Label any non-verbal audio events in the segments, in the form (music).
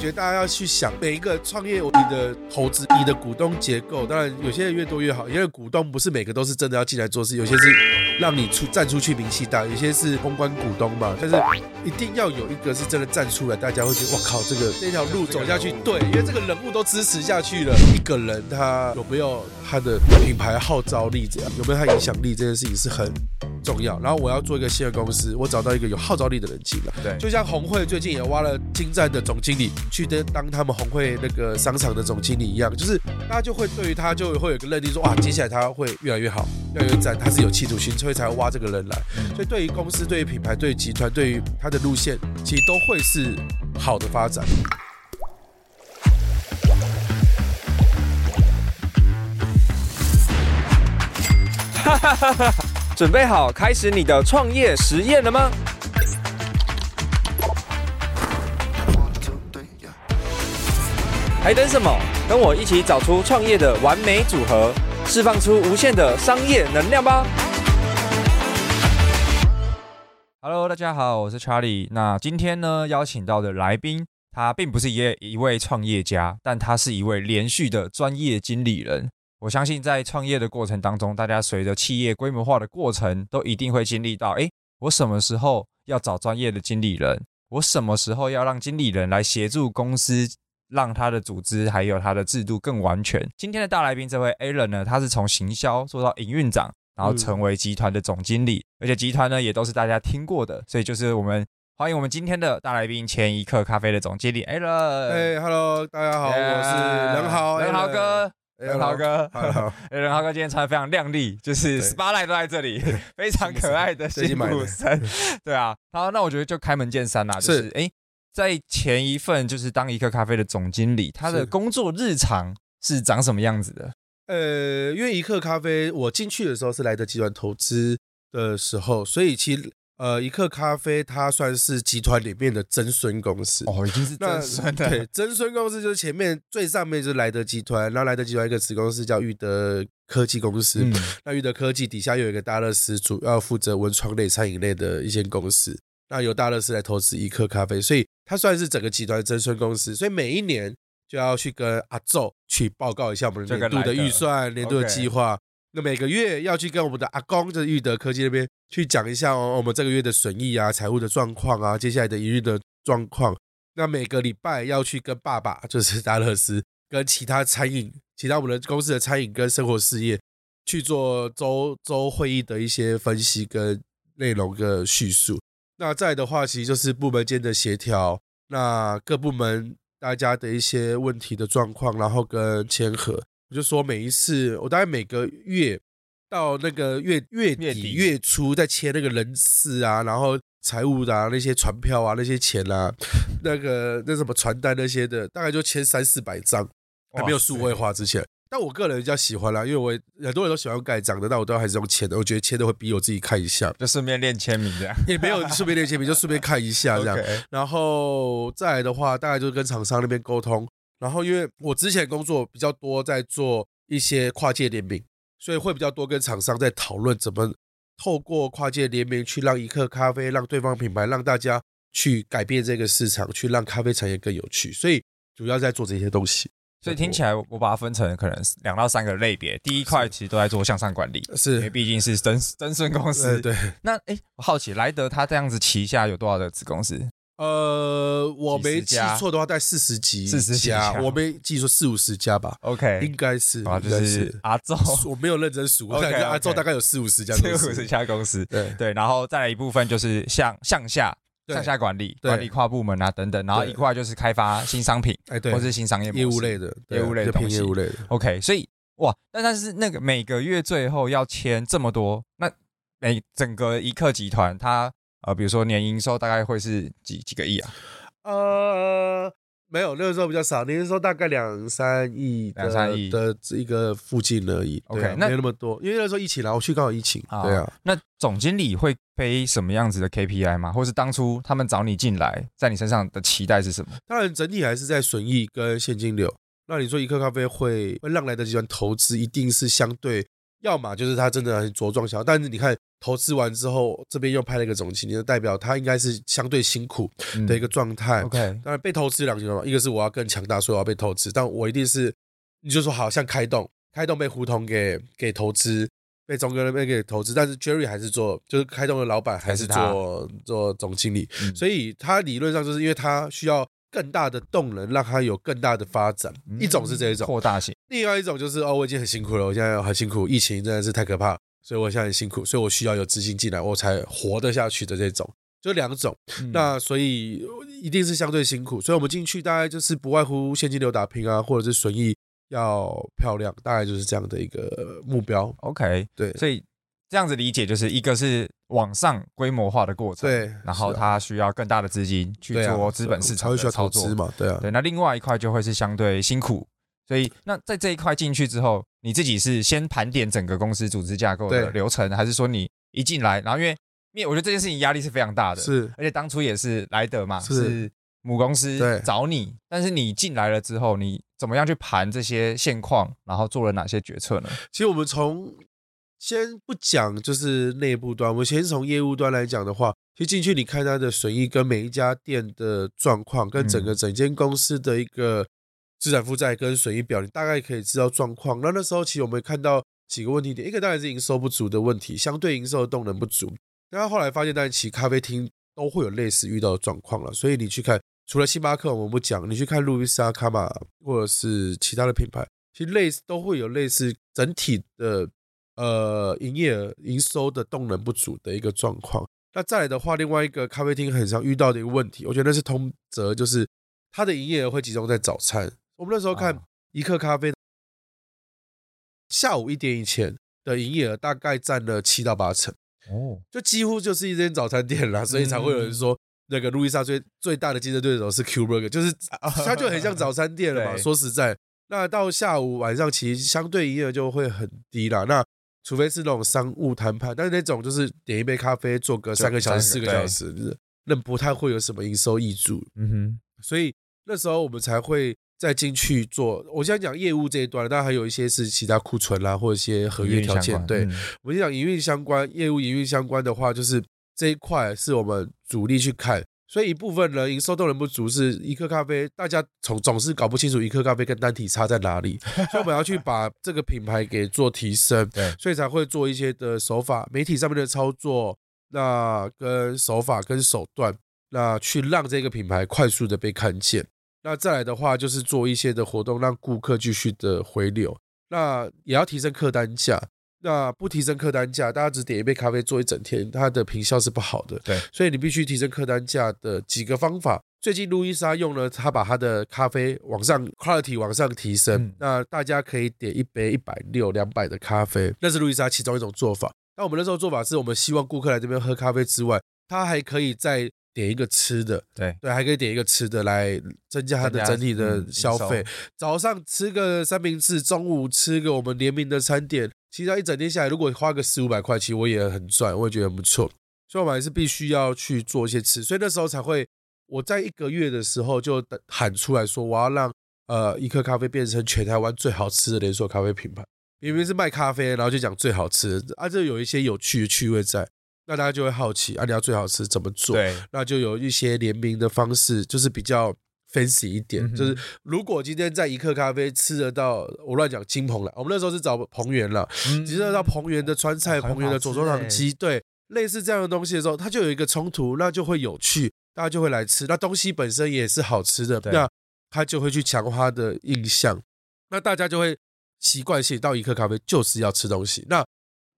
覺得大家要去想每一個創業，你的投資、你的股東結構，當然有些人越多越好，因為股東不是每個都是真的要進來做事，有些是。讓你出站出去，名氣大，有些是公關股東嘛，但是一定要有一個是真的站出來，大家會覺得我靠，這個這條路走下去，對，因為這個人物都支持下去了。一個人他有沒有他的品牌號召力，這樣有沒有他影響力，這件事情是很重要。然後我要做一個新的公司，我找到一個有號召力的人進來，對，就像紅會最近也挖了京站的總經理去當當他們紅會那個商場的總經理一樣，就是大家就會對於他就會有個認定說，說哇，接下來他會越來越好，越來越讚，他是有企圖心，才挖這個人來，所以對於公司、對於品牌、對於集團、對於他的路線，其實都會是好的發展。 (music) (music) 準備好開始你的創業實驗了嗎？還等什麼？跟我一起找出創業的完美組合，釋放出無限的商業能量吧！哈嘍，大家好，我是 Charlie。那今天呢，邀請到的來賓，他並不是一一位創業家，但他是一位連續的專業經理人。我相信在創業的過程當中，大家隨着企業規模化的過程，都一定會經歷到，哎、欸，我什麼時候要找專業的經理人？我什麼時候要讓經理人來協助公司，讓他的組織還有他的制度更完全？今天的大來賓這位 Alan 呢，他是從行銷做到營運長。然後成為集團的總經理，嗯、而且集團呢也都是大家聽過的，所以就是我們歡迎我們今天的大來賓，前怡客咖啡的總經理，Alan。哎，hello，大家好，欸、我是任豪，任、欸、豪哥，任、欸、豪哥 h 任豪哥，今天穿的非常亮麗，就是 spotlight 都在這裡，非常可愛的、欸、新古生， (laughs) (laughs) 對啊，好，那我覺得就開門見山啦，就是哎、欸，在前一份就是當怡客咖啡的總經理，他的工作日常是長什麼樣子的？呃，因為怡客咖啡，我進去的時候是萊德集團投資的時候，所以其呃，怡客咖啡它算是集團裡面的曾孫公司哦，已經是曾孫對，曾孫公司就是前面最上面就是萊德集團，然後萊德集團一個子公司叫裕德科技公司，嗯、那裕德科技底下又有一個大樂師主要負責文創類、餐飲類的一些公司，那由大樂師來投資怡客咖啡，所以它算是整個集團曾孫公司，所以每一年。就要去跟阿祖去報告一下我們年度的預算、這個、年度的計劃、okay。那每個月要去跟我們的阿公，就是裕德科技那邊去講一下哦，我們這個月的損益啊、財務的狀況啊、接下來的營運的狀況。那每個禮拜要去跟爸爸，就是達樂斯，跟其他餐飲、其他我們的公司的餐飲跟生活事業去做周周會議的一些分析跟內容跟敘述。那再的話，其實就是部門間的協調，那各部門。大家的一些問題的狀況，然後跟簽合，我就說每一次，我大概每個月到那個月月底、月初，再簽那個人事啊，然後財務的啊，那些傳票啊，那些錢啊，那個那什麼傳單那些的，大概就簽三四百張，還沒有數位化之前。但我個人比較喜歡啦，因為我很多人都喜歡蓋章的，但我都還是用簽的。我覺得簽的會比我自己看一下，就順便練簽名這樣。 (laughs) 也沒有順便練簽名，就順便看一下這樣。然後再來的話，大概就是跟廠商那邊溝通。然後因為我之前工作比較多在做一些跨界聯名，所以會比較多跟廠商在討論怎麼透過跨界聯名去讓怡客咖啡，讓對方品牌，讓大家去改變這個市場，去讓咖啡產業更有趣。所以主要在做這些東西。所以聽起來我，我把它分成可能是兩到三個類別。第一塊其實都在做向上管理，是，因為畢竟是增增順公司。對。對那誒、欸，我好奇萊德他這樣子旗下有多少的子公司？呃，我沒記錯的話，在四十幾，四十家，我沒記錯四五十家吧？OK，應該是。啊，就是阿忠，我沒有認真數，我感覺阿忠大概有四五十家公司。Okay, okay, 四五十家公司，對對。然後再來一部分就是向向下。上下管理，管理跨部門啊等等，然後一塊就是開發新商品，或是新商業業務類的業務類的東西，業務類的。OK，所以哇，但但是那個每個月最後要簽這麼多，那每、欸、整個怡客集團，它呃，比如說年營收大概會是幾幾個億啊？呃沒有，那個時候比較少，那個時候大概兩三億、兩三億的這一個附近而已。OK，、啊、那沒有那麼多，因為那時候疫情來，我去剛好疫情，uh, 對啊。那總經理會背什麼樣子的 KPI 嗎？或是當初他們找你進來，在你身上的期待是什麼？當然，整體還是在損益跟現金流。那你說，怡客咖啡會會讓來的集團投資，一定是相對？要麼就是他真的很茁壯小，但是你看投資完之後，這邊又派了一個總經理，就代表他應該是相對辛苦的一個狀態、嗯。OK，當然被投資兩個情況，一個是我要更強大，所以我要被投資，但我一定是你就是說好像開動，開動被胡同給給投資，被中哥那邊給投資，但是 Jerry 還是做就是開動的老板，還是做做總經理，嗯、所以他理論上就是因為他需要。更大的動能，讓它有更大的發展。一種是這一種、嗯、擴大型，另外一種就是哦，我已經很辛苦了，我現在很辛苦，疫情真的是太可怕，所以我現在很辛苦，所以我需要有資金進來，我才活得下去的這種，就兩種、嗯。那所以一定是相對辛苦，所以我們進去大概就是不外乎現金流打拼啊，或者是損益要漂亮，大概就是這樣的一個目標。OK，對，所以。這樣子理解就是一個是往上規模化的過程，對，然後它需要更大的資金去做資本市場需要投資嘛，對啊，對。那另外一塊就會是相對辛苦，所以那在這一塊進去之後，你自己是先盤點整個公司組織架構的流程，還是說你一進來，然後，因為因為我覺得這件事情壓力是非常大的，是，而且當初也是來得嘛，是母公司找你，但是你進來了之後，你怎麼樣去盤這些現況，然後做了哪些決策呢？其實我們從先不講，就是內部端，我們先從業務端來講的話，其實進去你看它的損益跟每一家店的狀況，跟整個整間公司的一個資產負債跟損益表，你大概可以知道狀況。那那時候其實我們看到幾個問題點，一個當然是營收不足的問題，相對營收的動能不足。那後來發現，但是其實咖啡廳都會有類似遇到的狀況了。所以你去看，除了星巴克我們不講，你去看路易莎、卡瑪或者是其他的品牌，其實類似都會有類似整體的。呃，營業營收的動能不足的一個狀況。那再來的話，另外一個咖啡廳很常遇到的一個問題，我覺得那是通則，就是它的營業額會集中在早餐。我們那時候看，怡客咖啡、啊、下午一點以前的營業額大概佔了七到八成，哦，就幾乎就是一間早餐店了，所以才會有人說、嗯、那個路易莎最最大的競爭對手是 Q Burger，就是它、啊啊、就很像早餐店了嘛。說實在，那到下午晚上，其實相對營業額就會很低啦。那除非是那種商務談判，但是那種就是點一杯咖啡，做個三個小時、個四個小時，那不太會有什麼營收挹注。嗯哼，所以那時候我們才會再進去做。我現在講業務這一段了，但還有一些是其他庫存啦，或者一些合約條件。對、嗯、我們講營運相關，業務營運相關的話，就是這一塊是我們主力去看。所以一部分呢，營收動能不足，是怡客咖啡，大家總總是搞不清楚怡客咖啡跟單體差在哪裡，所以我們要去把這個品牌給做提升，對，所以才會做一些的手法，媒體上面的操作，那跟手法跟手段，那去讓這個品牌快速的被看見，那再來的話就是做一些的活動，讓顧客繼續的回流，那也要提升客單價。那不提升客單價，大家只點一杯咖啡坐一整天，它的坪效是不好的。對，所以你必須提升客單價的幾個方法。最近路易莎用了，她把她的咖啡往上 quality 往上提升，嗯。那大家可以點一杯一百六、兩百的咖啡，那是路易莎其中一種做法。那我們那時候做法是我們希望顧客來這邊喝咖啡之外，他還可以再點一個吃的。對對，還可以點一個吃的來增加他的整體的消費，嗯。早上吃個三明治，中午吃個我們聯名的餐點。其實一整天下來，如果花個四五百塊，其實我也很賺，我也覺得很不錯。所以我還是必須要去做一些吃，所以那時候才會我在一個月的時候就喊出來說，我要讓呃，怡客咖啡變成全台灣最好吃的連鎖咖啡品牌。明明是賣咖啡，然後就講最好吃的啊，這有一些有趣的趣味在，那大家就會好奇，啊，你要最好吃怎麼做？對，那就有一些聯名的方式，就是比較。分析一點、嗯，就是如果今天在怡客咖啡吃得到，我亂講親朋了，我們那時候是找彭園了，吃、嗯、得到彭園的川菜，彭、嗯、園、嗯、的左宗棠雞、欸，對，類似這樣的東西的時候，它就有一個衝突，那就會有趣，大家就會來吃，那東西本身也是好吃的，那他就會去強化的印象，那大家就會習慣性到怡客咖啡就是要吃東西，那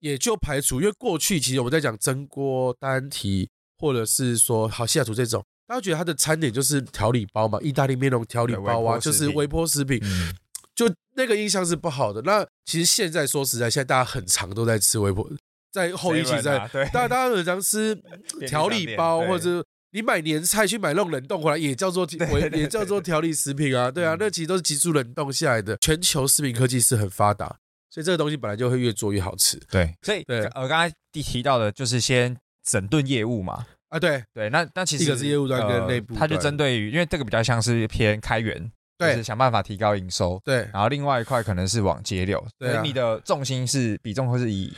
也就排除，因為過去其實我們在講蒸鍋單體，或者是說好西雅圖這種。他覺得他的餐點就是調理包嘛，意大利麵那種調理包啊，就是微波食品，嗯、就那個印象是不好的。那其實現在說實在，現在大家很常都在吃微波，在後疫情在、啊，大家大家很常吃調理包或者你買年菜去買那種冷凍回來，也叫做微對對對也叫做調理食品啊，對啊，嗯、那其實都是急速冷凍下來的。全球食品科技是很發達，所以這個東西本來就會越做越好吃。對，所以對我剛才提提到的就是先整頓業務嘛。啊，對對，那那其實一個是業務端跟內部、呃，他就針對於，因為這個比較像是偏開源，對，就是、想辦法提高營收，對，然後另外一塊可能是往節流，對、啊，你的重心是比重或是以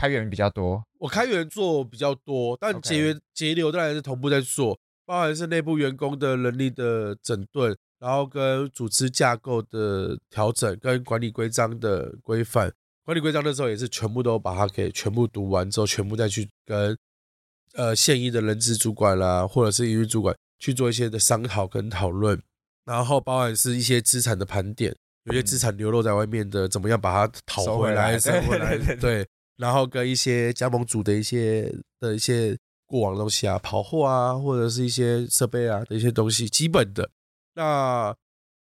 開源比較多。我開源做比較多，但節源、okay、節流當然是同步在做，包含是內部員工的能力的整頓，然後跟組織架構的調整，跟管理規章的規範，管理規章的時候也是全部都把它給全部讀完之後，全部再去跟。呃，現役的人資主管啦、啊，或者是營運主管去做一些的商討跟討論，然後包含是一些資產的盤點，有些資產流落在外面的，怎麼樣把它討回來，收回來。回來對，對，對，對，對，然後跟一些加盟組的一些的一些過往的東西啊，跑貨啊，或者是一些設備啊的一些東西，基本的。那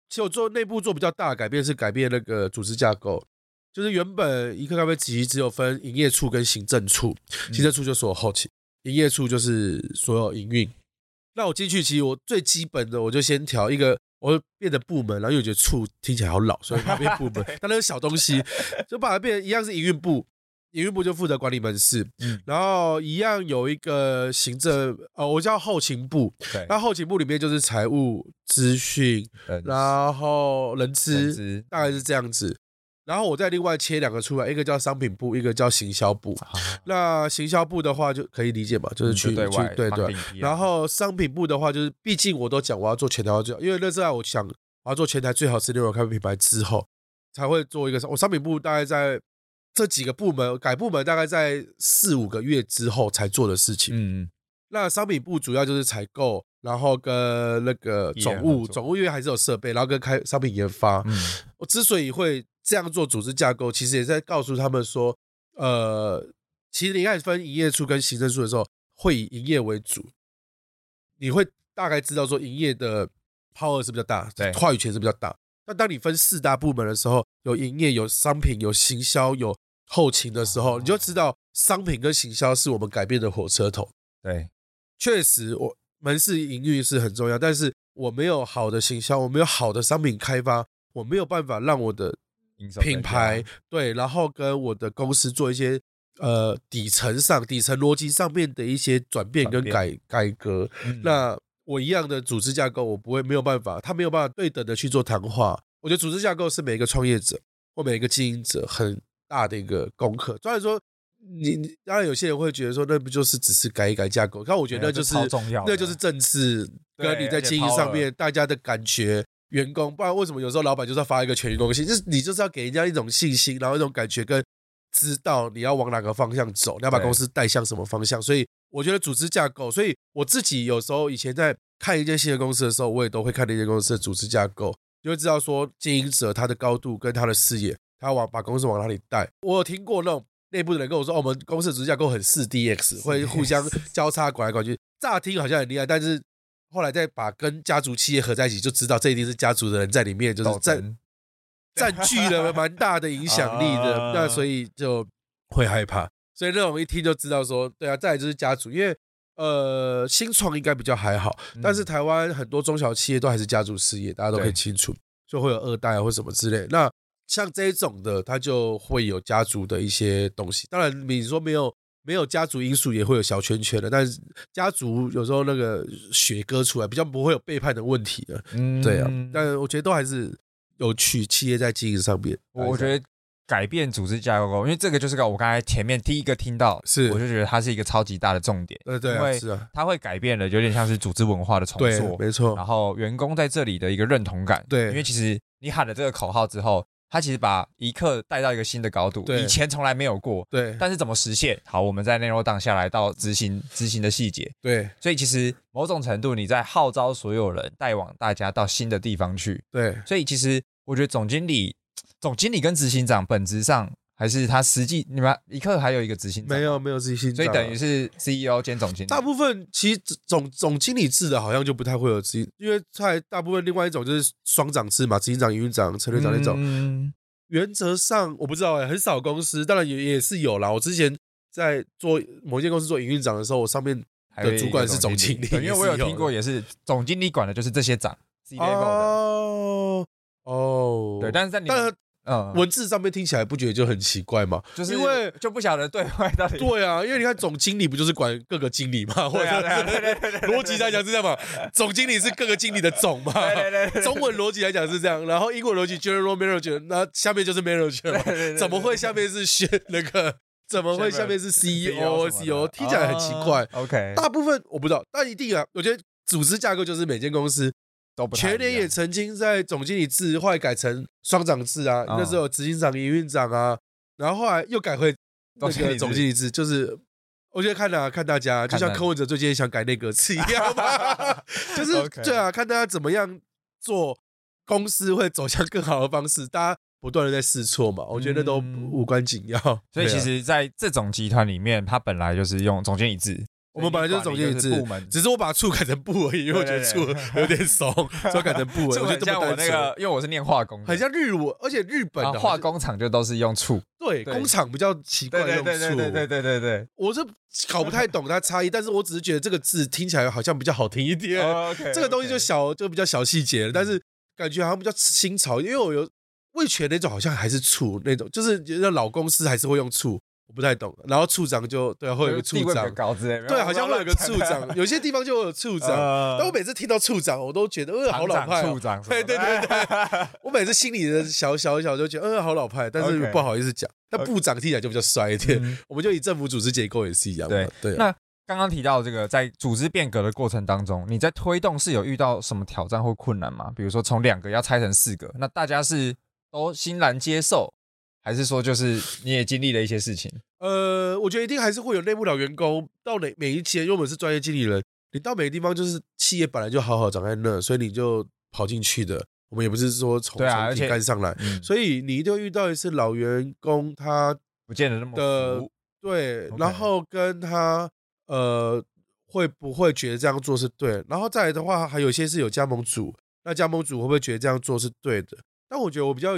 其實我做內部做比較大改變是改變那個組織架構，就是原本怡客咖啡只只有分營業處跟行政處，嗯、行政處就是我後期。營業處就是所有營運，那我進去其實我最基本的我就先調一個，我變成部門，然後又覺得處聽起來好老，所以改變部門， (laughs) 但那個小東西就把它變成一樣是營運部，營運部就負責管理門市，嗯，然後一樣有一個行政，哦，我叫後勤部，那、okay. 後，後勤部裡面就是財務、資訊，然後人資，大概是這樣子。然後我再另外切兩個出來，一個叫商品部，一個叫行銷部。那行銷部的話就可以理解嘛，就是去去對對。然後商品部的話，就是畢竟我都講我要做全台最，因為那時候我想我要做全台最好吃的連鎖咖啡品牌之後才會做一個。我商品部大概在這幾個部門改部門，大概在四五個月之後才做的事情。嗯，那商品部主要就是採購，然後跟那個總務，總務因為還是有設備，然後跟開商品研發。我之所以會。這樣做組織架構，其實也在告訴他們說，呃，其實你開始分營業處跟行政處的時候，會以營業為主，你會大概知道說營業的 power 是比較大，話語權是比較大。那當你分四大部門的時候，有營業、有商品、有行銷、有後勤的時候，你就知道商品跟行銷是我們改變的火車頭。對，確實我，我門市營運是很重要，但是我沒有好的行銷，我沒有好的商品開發，我沒有辦法讓我的。品牌對，然後跟我的公司做一些呃底層上底層邏輯上面的一些轉變跟改改革。嗯、那我一樣的組織架構，我不會沒有辦法，他沒有辦法對等的去做談話。我覺得組織架構是每一個創業者或每一個經營者很大的一個功課。雖然說，你當然有些人會覺得說，那不就是只是改一改架構？但我覺得那就是，那就是政治跟你在經營上面大家的感覺。員工，不然為什麼有時候老闆就是要發一個全員公信？就是你就是要給人家一種信心，然後一種感覺，跟知道你要往哪個方向走，你要把公司帶向什麼方向。所以我覺得組織架構，所以我自己有時候以前在看一間新的公司的時候，我也都會看那間公司的組織架構，就會知道說經營者他的高度跟他的視野，他往把公司往哪裡帶。我有聽過那種內部的人跟我說，哦，我們公司的組織架構很四 DX，會互相交叉管來管去， (laughs) 乍聽好像很厲害，但是。後來再把跟家族企業合在一起，就知道這一定是家族的人在裡面，就是佔佔據了蠻大的影響力的。 (laughs) 啊、那所以就會害怕，所以那種一聽就知道說，對啊，再來就是家族，因為呃新創應該比較還好，但是台灣很多中小企業都還是家族事業，大家都很清楚，就會有二代、啊、或什麼之類。那像這種的，它就會有家族的一些東西。當然你說沒有。沒有家族因素也會有小圈圈的，但是家族有時候那個血割出來比較不會有背叛的問題的，嗯、對啊。但是我覺得都還是有趣，企業在經營上面，我覺得改變組織架構，因為這個就是個我剛才前面第一個聽到，是我就覺得它是一個超級大的重點，呃、對，是啊，它會改變的，有點像是組織文化的重塑，沒錯。然後員工在這裡的一個認同感，對，因為其實你喊了這個口號之後。他其實把怡客帶到一個新的高度，以前從來沒有過。對，但是怎麼實現？好，我們在內容 down 下來到執行執行的細節。對，所以其實某種程度你在號召所有人帶往大家到新的地方去。對，所以其實我覺得總經理，總經理跟執行長本質上。還是他實際你們怡客還有一個執行沒有沒有執行，所以等於是 CEO 兼總經理。大部分其實總總經理制的好像就不太會有執行，因為太大部分另外一種就是雙長制嘛，執行長、營運長、策略長那種。嗯、原則上我不知道哎、欸，很少公司，當然也也是有啦。我之前在做某間公司做營運長的時候，我上面的主管是總經理，經理因為我有聽過也是總經理管的就是這些長 CEO 的哦。哦，對，但是在你們。文字上面聽起來不覺得就很奇怪嗎？就是因為就不曉得對不對？對啊，因為你看總經理不就是管各個經理嗎？或者邏輯來講是這樣嘛？總經理是各個經理的總嘛？ (laughs) (laughs) (laughs) 對對對對對中文邏輯來講是這樣。然後英國邏輯，General Manager，那下面就是 Manager (laughs) 怎麼會下面是選那個？怎麼會下面是 CEO？CEO CEO 聽起來很奇怪。OK，、哦、大部分我不知道，但一定啊，我覺得組織架構就是每間公司。都不前年也曾經在總經理制，後來改成雙長制啊，哦、那時候執行長、營運長啊，然後後來又改回那個總經理制，理制就是我覺得看啊，看大家看就像柯文哲最近也想改內閣制一樣嘛， (laughs) 要嗎 (laughs) 就是、okay. 對啊，看大家怎麼樣做公司會走向更好的方式，大家不斷的在試錯嘛，我覺得那都無關緊要、嗯 (laughs) 啊，所以其實，在這種集團裡面，他本來就是用總經理制。我們本來就是總經理部門，只是我把醋改成布而已，因為我覺得醋有點慫，對對對 (laughs) 所以改成布而已。很像我那個我，因為我是念化工，很像日文，而且日本的、啊、化工廠就都是用醋。對，對工廠比較奇怪用醋。對，對對對對對對對。我是搞不太懂它差異， (laughs) 但是我只是覺得這個字聽起來好像比較好聽一點。Oh, okay, okay. 這個東西就小，就比較小細節、嗯，但是感覺好像比較新潮，因為我有味全那種，好像還是醋那種，就是覺得老公司還是會用醋。我不太懂，然後處長就對、啊，會有個處長，對，好像會有個處長有，有些地方就會有處長、呃。但我每次聽到處長，我都覺得，長長呃長長，好老派、哦處長 (laughs) 對。對對對對。對對對 (laughs) 我每次心裡的小小小、小就覺得，呃，好老派，但是、okay. 不好意思講。那部長聽起來就比較帥一點、okay. 嗯。我們就以政府組織結構也是一樣。對對、啊。那剛剛提到這個，在組織變革的過程當中，你在推動是有遇到什麼挑戰或困難嗎？比如說從兩個要拆成四個，那大家是都欣然接受？還是說，就是你也經歷了一些事情。呃，我覺得一定還是會有內部老員工到哪每一期，因為我們是專業經理人，你到每個地方就是企業本來就好好長在那，所以你就跑進去的。我們也不是說從、啊、從底幹上來，嗯、所以你一定會遇到一些老員工，他不見得那麼服。對，okay. 然後跟他呃，會不會覺得這樣做是對？然後再來的話，還有一些是有加盟主，那加盟主會不會覺得這樣做是對的？但我覺得我比較。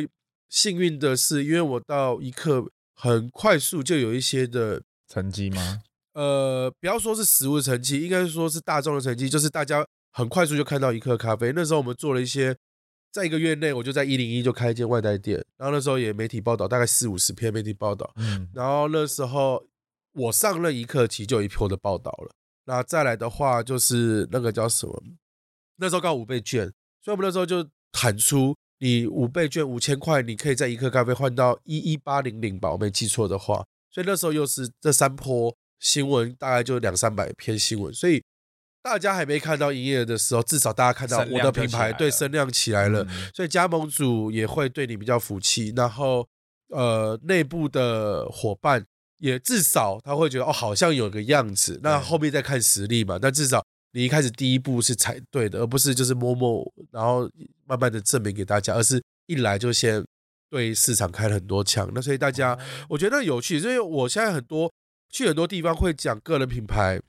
幸運的是，因為我到怡客很快速就有一些的成績嗎？呃，不要說是食物成績，應該是說是大眾的成績，就是大家很快速就看到怡客咖啡。那時候我們做了一些，在一個月內我就在一零一就開一間外帶店，然後那時候也媒體報道，大概四五十篇媒體報道。嗯，然後那時候我上任怡客其實就有一波的報道了。那再來的話就是那個叫什麼？那時候剛好五倍券，所以我們那時候就喊出。你五倍券五千塊，你可以在怡客咖啡換到一一八零零吧，我沒記錯的話。所以那時候又是這三波新聞，大概就兩三百篇新聞。所以大家還沒看到營業額的時候，至少大家看到我的品牌對聲量起來了，所以加盟主也會對你比較服氣。然後呃，內部的夥伴也至少他會覺得哦，好像有個樣子。那後面再看實力嘛，那至少。你一開始第一步是踩對的，而不是就是摸摸，然後慢慢的證明給大家，而是一來就先對市場開了很多槍。那所以大家，我覺得有趣，所以我現在很多去很多地方會講個人品牌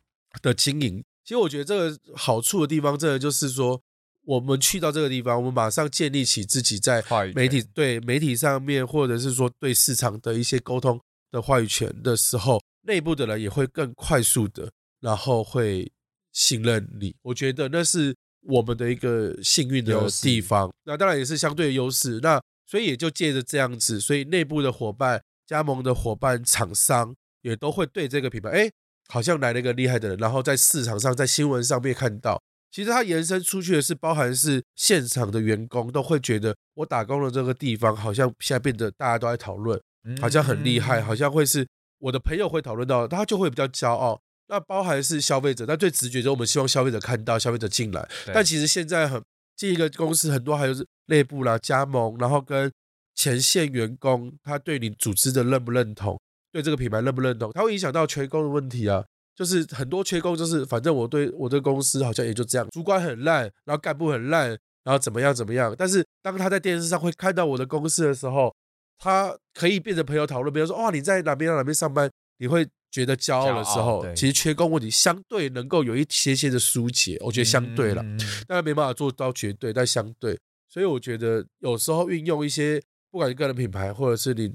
的經營，其實我覺得這個好處的地方，這個就是說，我們去到這個地方，我們馬上建立起自己在媒體對媒體上面，或者是說對市場的一些溝通的話語權的時候，內部的人也會更快速的，然後會。信任你，我覺得那是我們的一個幸運的地方。那當然也是相對的優勢。那所以也就借着這樣子，所以內部的夥伴、加盟的夥伴、廠商也都會對這個品牌，欸，好像來了一個厲害的人。然後在市場上，在新聞上面看到，其實它延伸出去的是，包含是現場的員工都會覺得，我打工的這個地方好像現在變得大家都在討論，好像很厲害，好像會是我的朋友會討論到，他就會比較驕傲。那包含是消費者，但最直覺就是我們希望消費者看到消費者進來。但其實現在很這一個公司，很多還有內部啦、加盟，然後跟前線員工，他對你組織的認不認同，對這個品牌認不認同，它會影響到缺工的問題啊。就是很多缺工就是，反正我對我的公司好像也就這樣，主管很爛，然後幹部很爛，然後怎麼樣怎麼樣。但是當他在電視上會看到我的公司的時候，他可以變成朋友討論，比如說哇你在哪邊、啊、哪邊上班，你會。覺得驕傲的時候，其實缺工問題相對能夠有一些些的疏解，我覺得相對了，當然沒辦法做到絕對，但相對，所以我覺得有時候運用一些不管是個人品牌，或者是你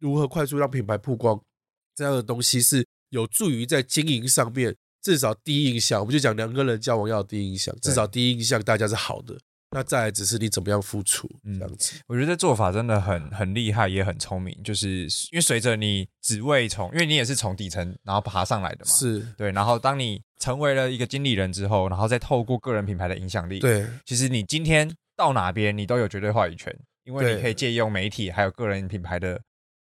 如何快速讓品牌曝光這樣的東西，是有助於在經營上面至少第一印象，我們就講兩個人交往要有第一印象，至少第一印象大家是好的。那再來只是你怎麼樣付出，嗯，我覺得做法真的很很厲害，也很聰明。就是因為隨着你職位從，因為你也是從底層然後爬上來的嘛，是對。然後當你成為了一個經理人之後，然後再透過個人品牌的影響力，對，其實你今天到哪邊你都有絕對話語權，因為你可以借用媒體還有個人品牌的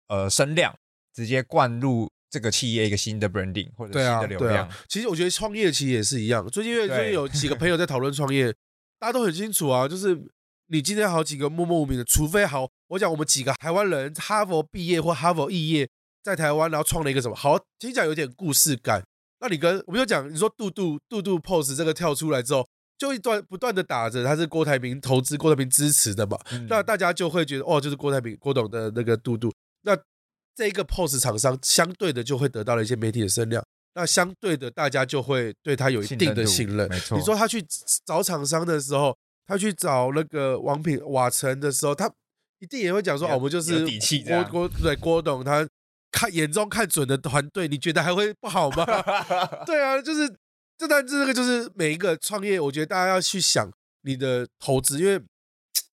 呃聲量，直接灌入這個企業一個新的 branding 或者新的流量。對啊對啊、其實我覺得創業其實也是一樣，最近因為最近有幾個朋友在討論創業。 (laughs) 大家都很清楚啊，就是你今天好幾個默默無名的，除非好，我講我們幾個台灣人哈佛畢業或哈佛肄業在台灣，然後創了一個什麼，好，聽起來有點故事感。那你跟我們就講，你說杜杜杜杜 pose 這個跳出來之後，就一段不斷的打着，他是郭台銘投資、郭台銘支持的嘛、嗯，那大家就會覺得哦，就是郭台銘、郭董的那個杜杜，那這個 pose 廠商相對的就會得到了一些媒體的聲量。那相對的，大家就會對他有一定的信任。你說他去找廠商的時候，他去找那個王品瓦城的時候，他一定也會講說：“哦，我們就是郭郭對郭董，他看眼中看準的團隊，你覺得還會不好嗎？”對啊，就是這段這個就是每一個創業，我覺得大家要去想你的投資，因為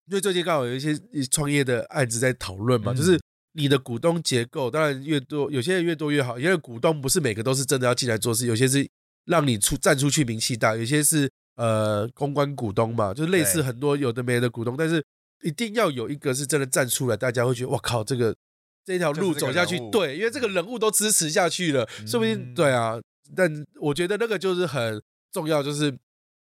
因為最近剛好有一些創業的案子在討論嘛，就是。你的股東結構當然越多，有些人越多越好，因為股東不是每個都是真的要進來做事，有些是讓你出，站出去名氣大，有些是呃公關股東嘛，就是類似很多有的沒的股東，但是一定要有一個是真的站出來，大家會覺得我靠，這個這條路走下去，就是、對，因為這個人物都支持下去了，說、嗯、不定，對啊。但我覺得那個就是很重要，就是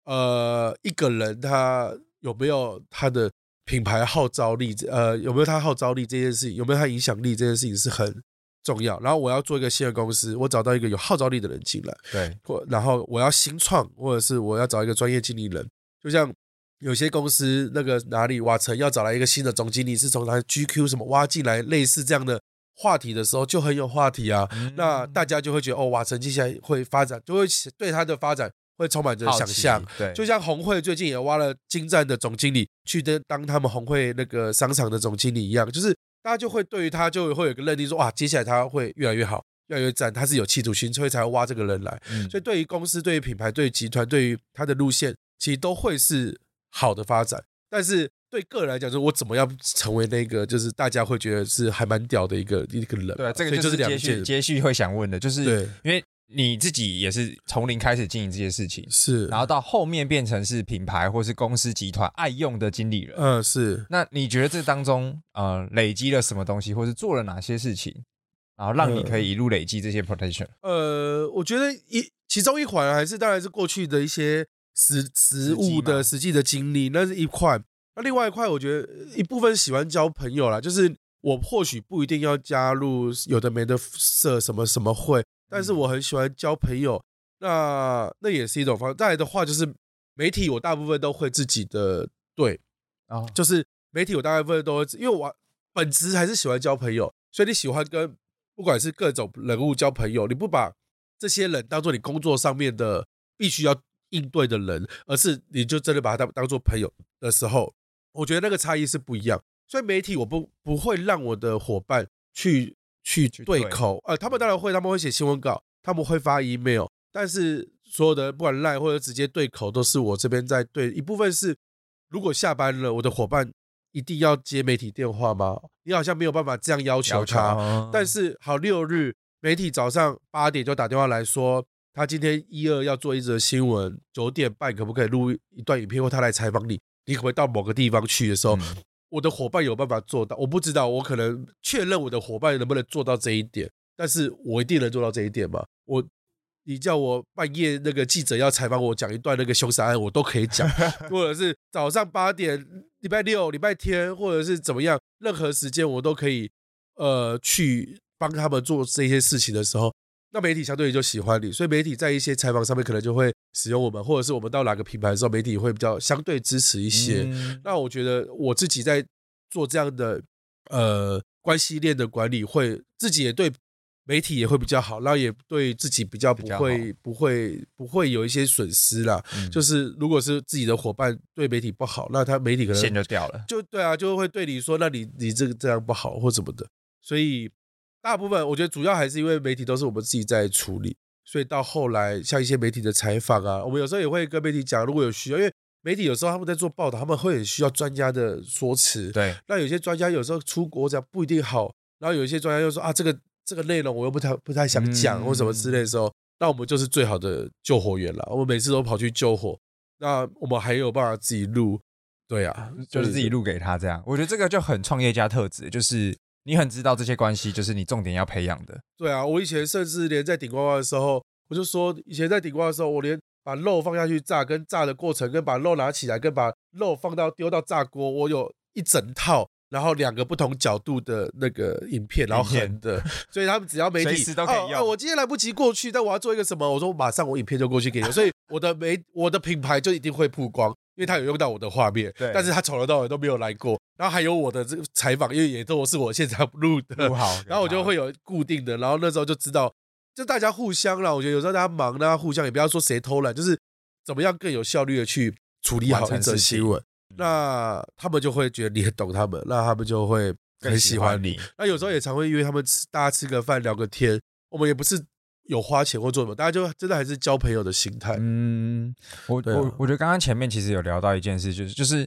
呃一個人他有沒有他的。品牌號召力，呃，有沒有他號召力這件事情，有沒有他影響力這件事情是很重要。然後我要做一個新的公司，我找到一個有號召力的人進來，對，或然後我要新創，或者是我要找一個專業經理人，就像有些公司那個哪裡瓦城要找來一個新的總經理，是從他 GQ 什麼挖進來，類似這樣的話題的時候，就很有話題啊，嗯。那大家就會覺得哦，瓦城接下來會發展，就會對他的發展。會充滿着想象，對，就像紅會最近也挖了精湛的總經理去當當他們紅會那個商場的總經理一樣，就是大家就會對於他就會有個認定，說哇，接下來他會越來越好，越來越讚，他是有企圖心，所以才會挖這個人來，嗯。所以對於公司，對於品牌，對於集團，對於他的路線，其實都會是好的發展。但是對個人來講，就是我怎麼樣成為那個就是大家會覺得是還蠻屌的一個一個人，對、啊，這個就是接續接續會想問的，就是對因為。你自己也是從零開始經營這些事情，是，然後到後面變成是品牌或是公司集團愛用的經理人，嗯、呃，是。那你覺得這當中，呃，累積了什麼東西，或是做了哪些事情，然後讓你可以一路累積這些 protection 呃，我覺得一其中一款還是當然是過去的一些實實物的實際的經歷，那是一塊。那另外一塊，我覺得一部分喜歡交朋友啦，就是我或許不一定要加入有的沒的社什麼什麼會。但是我很喜歡交朋友，那那也是一種方式。再來的話就是媒體，我大部分都會自己的對，啊，就是媒體我大部分都會，因為我本質還是喜歡交朋友，所以你喜歡跟不管是各種人物交朋友，你不把這些人當做你工作上面的必須要應對的人，而是你就真的把他當當做朋友的時候，我覺得那個差異是不一樣。所以媒體我不不會讓我的夥伴去。去對口去對，呃，他們當然會，他們會寫新聞稿，他們會發 email，但是所有的不管賴或者直接對口，都是我這邊在對。一部分是，如果下班了，我的夥伴一定要接媒體電話嗎？你好像沒有辦法這樣要求他。求啊、但是好六日，媒體早上八點就打電話來說，他今天一二要做一則新聞，九點半可不可以錄一段影片或他來採訪你？你可不可以到某個地方去的時候，嗯我的夥伴有辦法做到，我不知道，我可能確認我的夥伴能不能做到這一點，但是我一定能做到這一點嘛？我，你叫我半夜那個記者要採訪我講一段那個兇殺案，我都可以講；或者是早上八點，禮拜六、禮拜天，或者是怎麼樣，任何時間我都可以，呃，去幫他們做這些事情的時候。那媒體相對就喜歡你，所以媒體在一些採訪上面可能就會使用我們，或者是我們到哪個品牌的時候，媒體會比較相對支持一些、嗯。那我覺得我自己在做這樣的呃關係鏈的管理，會自己也對媒體也會比較好，那也對自己比較不會比較好，不會不會有一些損失啦、嗯。就是如果是自己的夥伴對媒體不好，那他媒體可能線就掉了，就對啊，就會對你說，那你你這個這樣不好或什麼的，所以。大部分我覺得主要還是因為媒體都是我們自己在處理，所以到後來像一些媒體的採訪啊，我們有時候也會跟媒體講，如果有需要，因為媒體有時候他們在做報道，他們會也需要專家的說辭。對。那有些專家有時候出國這樣不一定好，然後有一些專家又說啊、這個，這個這個內容我又不太不太想講、嗯、或什麼之類的時候，那我們就是最好的救火員了。我們每次都跑去救火，那我們還有辦法自己錄。對啊，就是自己錄給他這樣。我覺得這個就很創業家特質，就是。你很知道這些關係，就是你重點要培養的。對啊，我以前甚至連在頂呱呱的時候，我就說，以前在頂呱呱的時候，我連把肉放下去炸跟炸的過程，跟把肉拿起來，跟把肉放到丟到炸鍋，我有一整套。然後兩個不同角度的那個影片，然後橫的，所以他們只要媒體，隨時都可以、啊啊、我今天來不及過去，但我要做一個什麼？我說馬上我影片就過去給你。 (laughs) 所以我的媒我的品牌就一定會曝光，因為他有用到我的畫面。對，但是他從頭到尾都沒有來過。然後還有我的這個採訪，因為也都是我現場錄的。錄好，錄好，然後我就會有固定的。然後那時候就知道，就大家互相啦，我覺得有時候大家忙大家互相也不要說誰偷懶，就是怎麼樣更有效率的去處理好這則新聞。那他們就會覺得你很懂他們，那他們就會更喜很喜歡你。那有時候也常會因為他們吃大家吃個飯聊個天，嗯，我們也不是有花錢或做什麼，大家就真的還是交朋友的心態。嗯，我我、啊、我，我覺得剛剛前面其實有聊到一件事，就是就是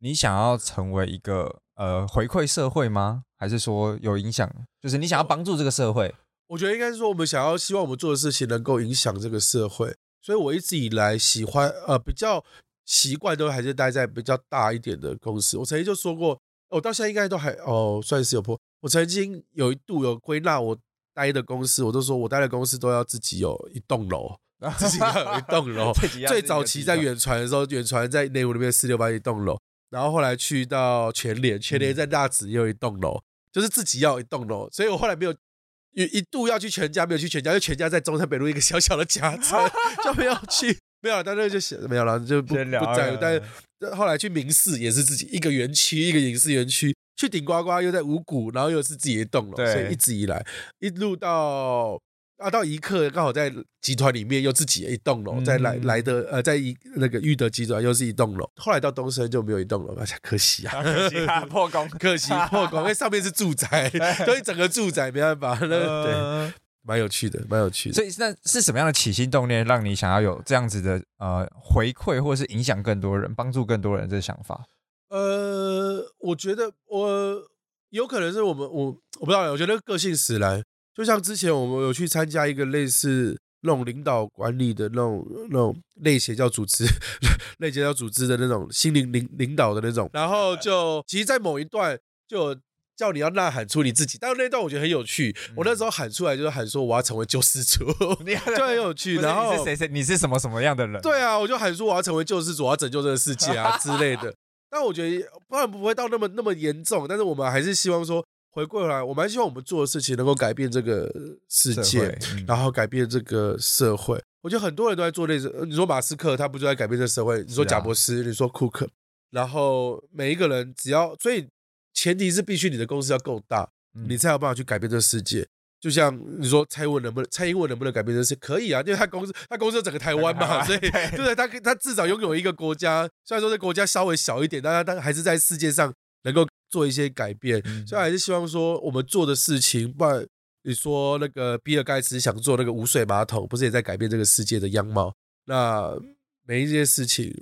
你想要成為一個呃回饋社會嗎？還是說有影響？就是你想要幫助這個社會？我，我覺得應該是說我們想要希望我們做的事情能夠影響這個社會，所以我一直以來喜歡呃比較。習慣都還是待在比較大一點的公司。我曾經就說過，我到現在應該都還哦，算是有破。我曾經有一度有歸納我待的公司，我就說我待的公司都要自己有一棟樓，自己要有一棟樓。最早期在遠傳的時候，遠傳在內湖那邊四六八一棟樓，然後後來去到全聯，全聯在大直也有一棟樓，就是自己要一棟樓。所以我後來沒有一一度要去全家，沒有去全家，就全家在中山北路一個小小的夾層，就沒有去。 (laughs) 沒有，但那就是、沒有了，就不了不在乎。但後來去民視也是自己一個園區，一個影視園區。去頂呱呱又在五股，然後又是自己一棟樓。所以一直以來，一路到啊到怡客，剛好在集團裡面又自己一棟樓、嗯呃，在來來的呃在一那個裕德集團又是一棟樓。後來到東森就沒有一棟樓，哎呀、啊啊、可惜啊， (laughs) 破可惜破功可惜破功因為上面是住宅，所以整個住宅沒辦法。嗯 (laughs) 對對蠻有趣的，蠻有趣的。所以那是什麼樣的起心動念，讓你想要有這樣子的呃回饋，或者是影響更多人，幫助更多人的想法？呃，我覺得我有可能是我們我我不知道了，我覺得個性使然，就像之前我們有去參加一個類似那種領導管理的那種那種類型叫組織，類型叫組織的那種心靈領領導的那種，然後就其實，在某一段就。叫你要吶喊出你自己，但那段我覺得很有趣。我那時候喊出來就是喊說我要成為救世主，嗯、 (laughs) 就很有趣。是然後誰誰你，你是什麼什麼樣的人？對啊，我就喊說我要成為救世主，我要拯救這個世界啊 (laughs) 之類的。但我覺得不然不會到那麼那麼嚴重。但是我們還是希望說，回歸回來，我蠻希望我們做的事情能夠改變這個世界，嗯，然後改變這個社會。我覺得很多人都在做類似，你說馬斯克他不就在改變這個社會？你說賈伯斯、啊，你說庫克，然後每一個人只要所以。前提是必須你的公司要夠大，你才有辦法去改變這個世界。就像你說，蔡英文能不能？蔡英文能不能改變這個世界？可以啊，因為他公司，他公司整個台灣嘛，所以對不對？他他至少擁有一個國家，雖然說這國家稍微小一點，但他但還是在世界上能夠做一些改變。所以還是希望說，我們做的事情，不然你說那個比爾蓋茨想做那個無水馬桶，不是也在改變這個世界的樣貌？那每一件事情，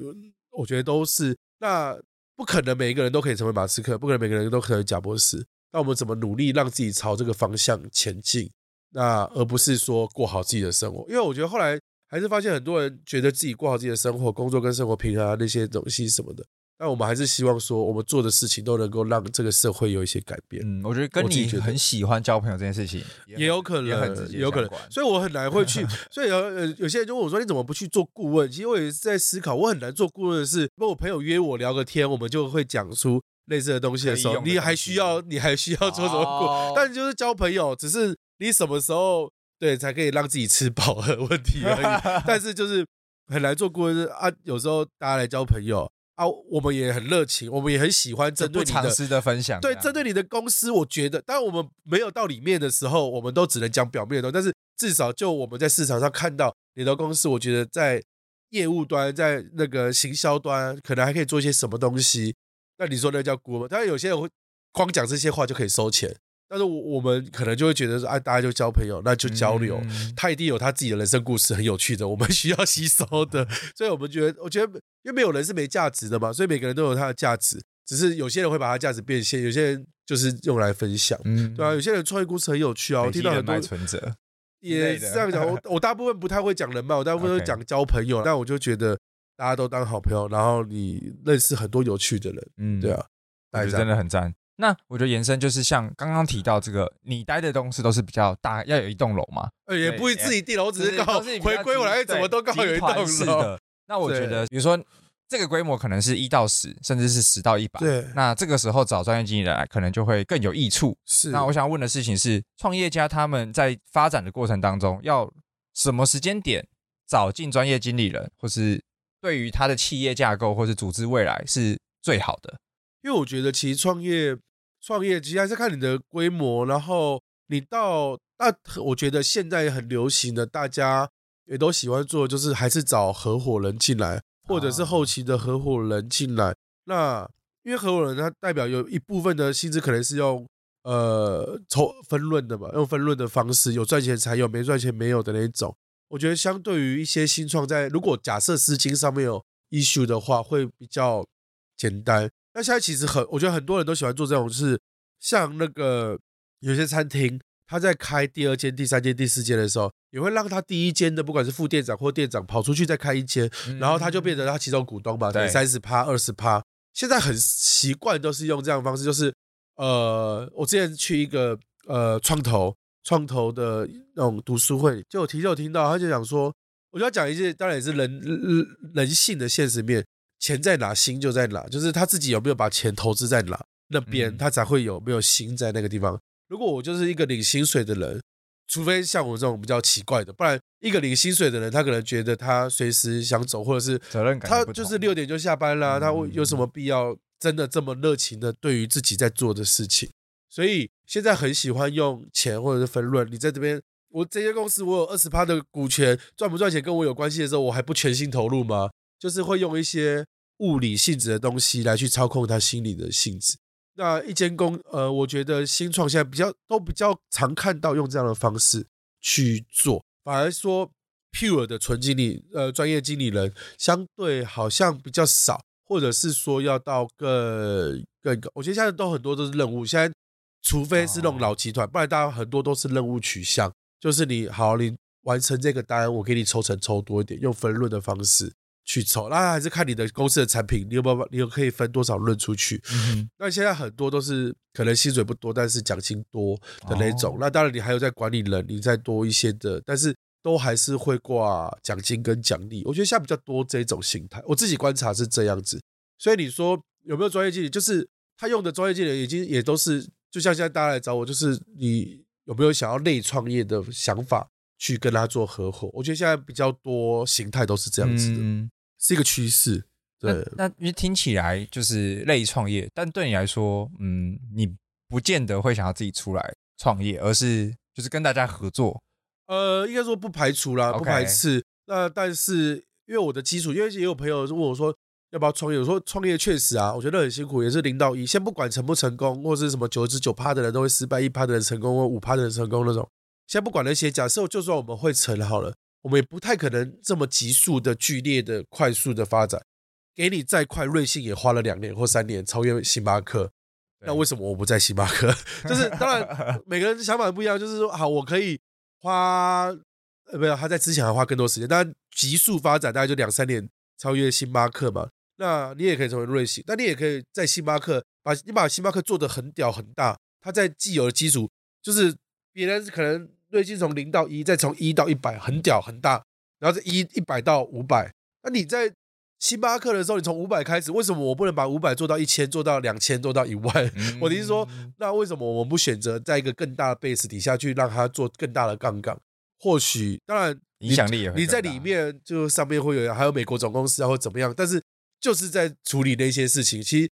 我覺得都是那。不可能每一個人都可以成為馬斯克，不可能每個人都可能賈伯斯。那我們怎麼努力讓自己朝這個方向前進？那而不是說，過好自己的生活。因為我覺得後來還是發現很多人覺得自己過好自己的生活，工作跟生活平衡那些東西什麼的。但我們還是希望說，我們做的事情都能夠讓這個社會有一些改變。嗯，我覺得跟你很喜歡交朋友這件事情也有可能，也有可能。所以我很難會去。 (laughs) 所以有呃，有些人就問我說，你怎麼不去做顧問？其實我也是在思考，我很難做顧問的是，如果我朋友約我聊個天，我們就會講出類似的東西的時候，你還需要，你還需要做什麼顧問？哦、但是就是交朋友，只是你什麼時候對才可以讓自己吃飽的問題而已。 (laughs) 但是就是很難做顧問的是啊，有時候大家來交朋友。啊，我們也很熱情，我們也很喜歡針對你的，的分享的。對，針對你的公司，我覺得，當我們沒有到裡面的時候，我們都只能講表面的東西。但是至少就我們在市場上看到，你的公司，我覺得在業務端、在那個行銷端，可能還可以做一些什麼東西。那你說那叫鍋嗎？但有些人會光講這些話就可以收錢。但是，我我們可能就會覺得說，哎，大家就交朋友，那就交流。他一定有他自己的人生故事，很有趣的，我們需要吸收的。所以我們覺得，我覺得，因為沒有人是沒價值的嘛，所以每個人都有他的價值，只是有些人會把它價值變現，有些人就是用來分享，對啊，有些人創業故事很有趣啊，我聽到很多。存折也是這樣講，我我大部分不太會講人脈，我大部分都講交朋友。但我就覺得大家都當好朋友，然後你認識很多有趣的人，嗯，對啊，我覺得真的很讚。那我覺得延伸就是像剛剛提到這個，你待的公司都是比較大，要有一棟樓嘛？呃，也不會自己地樓，只是夠回歸回來，怎麼都剛好有一棟樓。那我覺得，比如說這個規模可能是一到十，甚至是十到一百。對。那這個時候找專業經理人來，可能就會更有益處。是。那我想要問的事情是，創業家他們在發展的過程當中，要什麼時間點找進專業經理人，或是對於他的企業架構或是組織未來是最好的？因為我覺得其實創業，創業其實還是看你的規模，然後你到，那我覺得現在很流行的，大家也都喜歡做，就是還是找合夥人進來，或者是後期的合夥人進來。啊、那因為合夥人他代表有一部分的薪資可能是用呃抽分潤的嘛，用分潤的方式，有賺錢才有，沒賺錢沒有的那一種。我覺得相對於一些新創在，在如果假設資金上面有 issue 的話，會比較簡單。那現在其實很，我覺得很多人都喜歡做這種事，就是像那個有些餐廳，他在開第二間、第三間、第四間的時候，也會讓他第一間的不管是副店長或店長跑出去再開一間，嗯，然後他就變成他其中股東嘛，對，三十趴、二十趴。現在很習慣都是用這樣的方式，就是呃，我之前去一個呃創投創投的那種讀書會，就我聽有聽到，他就講說，我就要講一件，當然也是人人，人性的現實面。錢在哪，心就在哪。就是他自己有沒有把錢投資在哪那邊，他才會有沒有心在那個地方、嗯。如果我就是一個領薪水的人，除非像我這種比較奇怪的，不然一個領薪水的人，他可能覺得他隨時想走，或者是責任感他就是六點就下班了、嗯，他會有什麼必要真的這麼熱情的對於自己在做的事情？所以現在很喜歡用錢或者是分潤。你在這邊，我這些公司我有二十趴的股權，賺不賺錢跟我有關係的時候，我還不全心投入嗎？就是會用一些。物理性質的東西來去操控他心理的性質。那一間公，呃，我覺得新創現在比較都比較常看到用這樣的方式去做，反而說 pure 的純經理，呃，專業經理人相對好像比較少，或者是說要到更更，更，我覺得現在都很多都是任務。現在除非是那種老集團，oh. 不然大家很多都是任務取向，就是你好，你完成這個單，我給你抽成抽多一點，用分潤的方式。去抽，那還是看你的公司的產品，你有沒有，你有可以分多少潤出去，嗯。那現在很多都是可能薪水不多，但是獎金多的那種，哦。那當然，你還有在管理人，你再多一些的，但是都還是會掛獎金跟獎勵。我覺得現在比較多這種形態，我自己觀察是這樣子。所以你說有沒有專業經理？就是他用的專業經理已經也都是，就像現在大家來找我，就是你有沒有想要內創業的想法去跟他做合夥？我覺得現在比較多形態都是這樣子的。嗯是一個趨勢，對。那那因為聽起來就是類創業，但對你來說，嗯，你不見得會想要自己出來創業，而是就是跟大家合作。呃，應該說不排除啦，Okay. 不排斥。那但是因為我的基礎，因為也有朋友問我說要不要創業，我說創業確實啊，我覺得很辛苦，也是零到一，先不管成不成功，或是什麼九十九趴的人都會失敗，一趴的人成功，或五趴的人成功那種，先不管那些。假設就算我們會成好了。我們也不太可能這麼急速的、劇烈的、快速的發展。給你再快，瑞幸也花了兩年或三年超越星巴克。那為什麼我不在星巴克？就是當然每個人的想法不一樣，就是說好我可以花，呃沒有，他在之前還花更多時間，但急速發展大概就兩三年超越星巴克嘛。那你也可以成為瑞幸，那你也可以在星巴克把你把星巴克做的很屌很大，他在既有的基礎，就是別人可能。最近從零到一，再從一到一百，很屌很大，然後再一一百到五百。那你在星巴克的時候，你從五百開始，為什麼我不能把五百做到一千，做到兩千，做到一萬？嗯、我的意思說，那為什麼我們不選擇在一個更大的 base 底下去讓它做更大的槓桿？或許當然影響力啊。你在裡面就上面會有，還有美國總公司啊或怎麼樣，但是就是在處理那些事情，其實。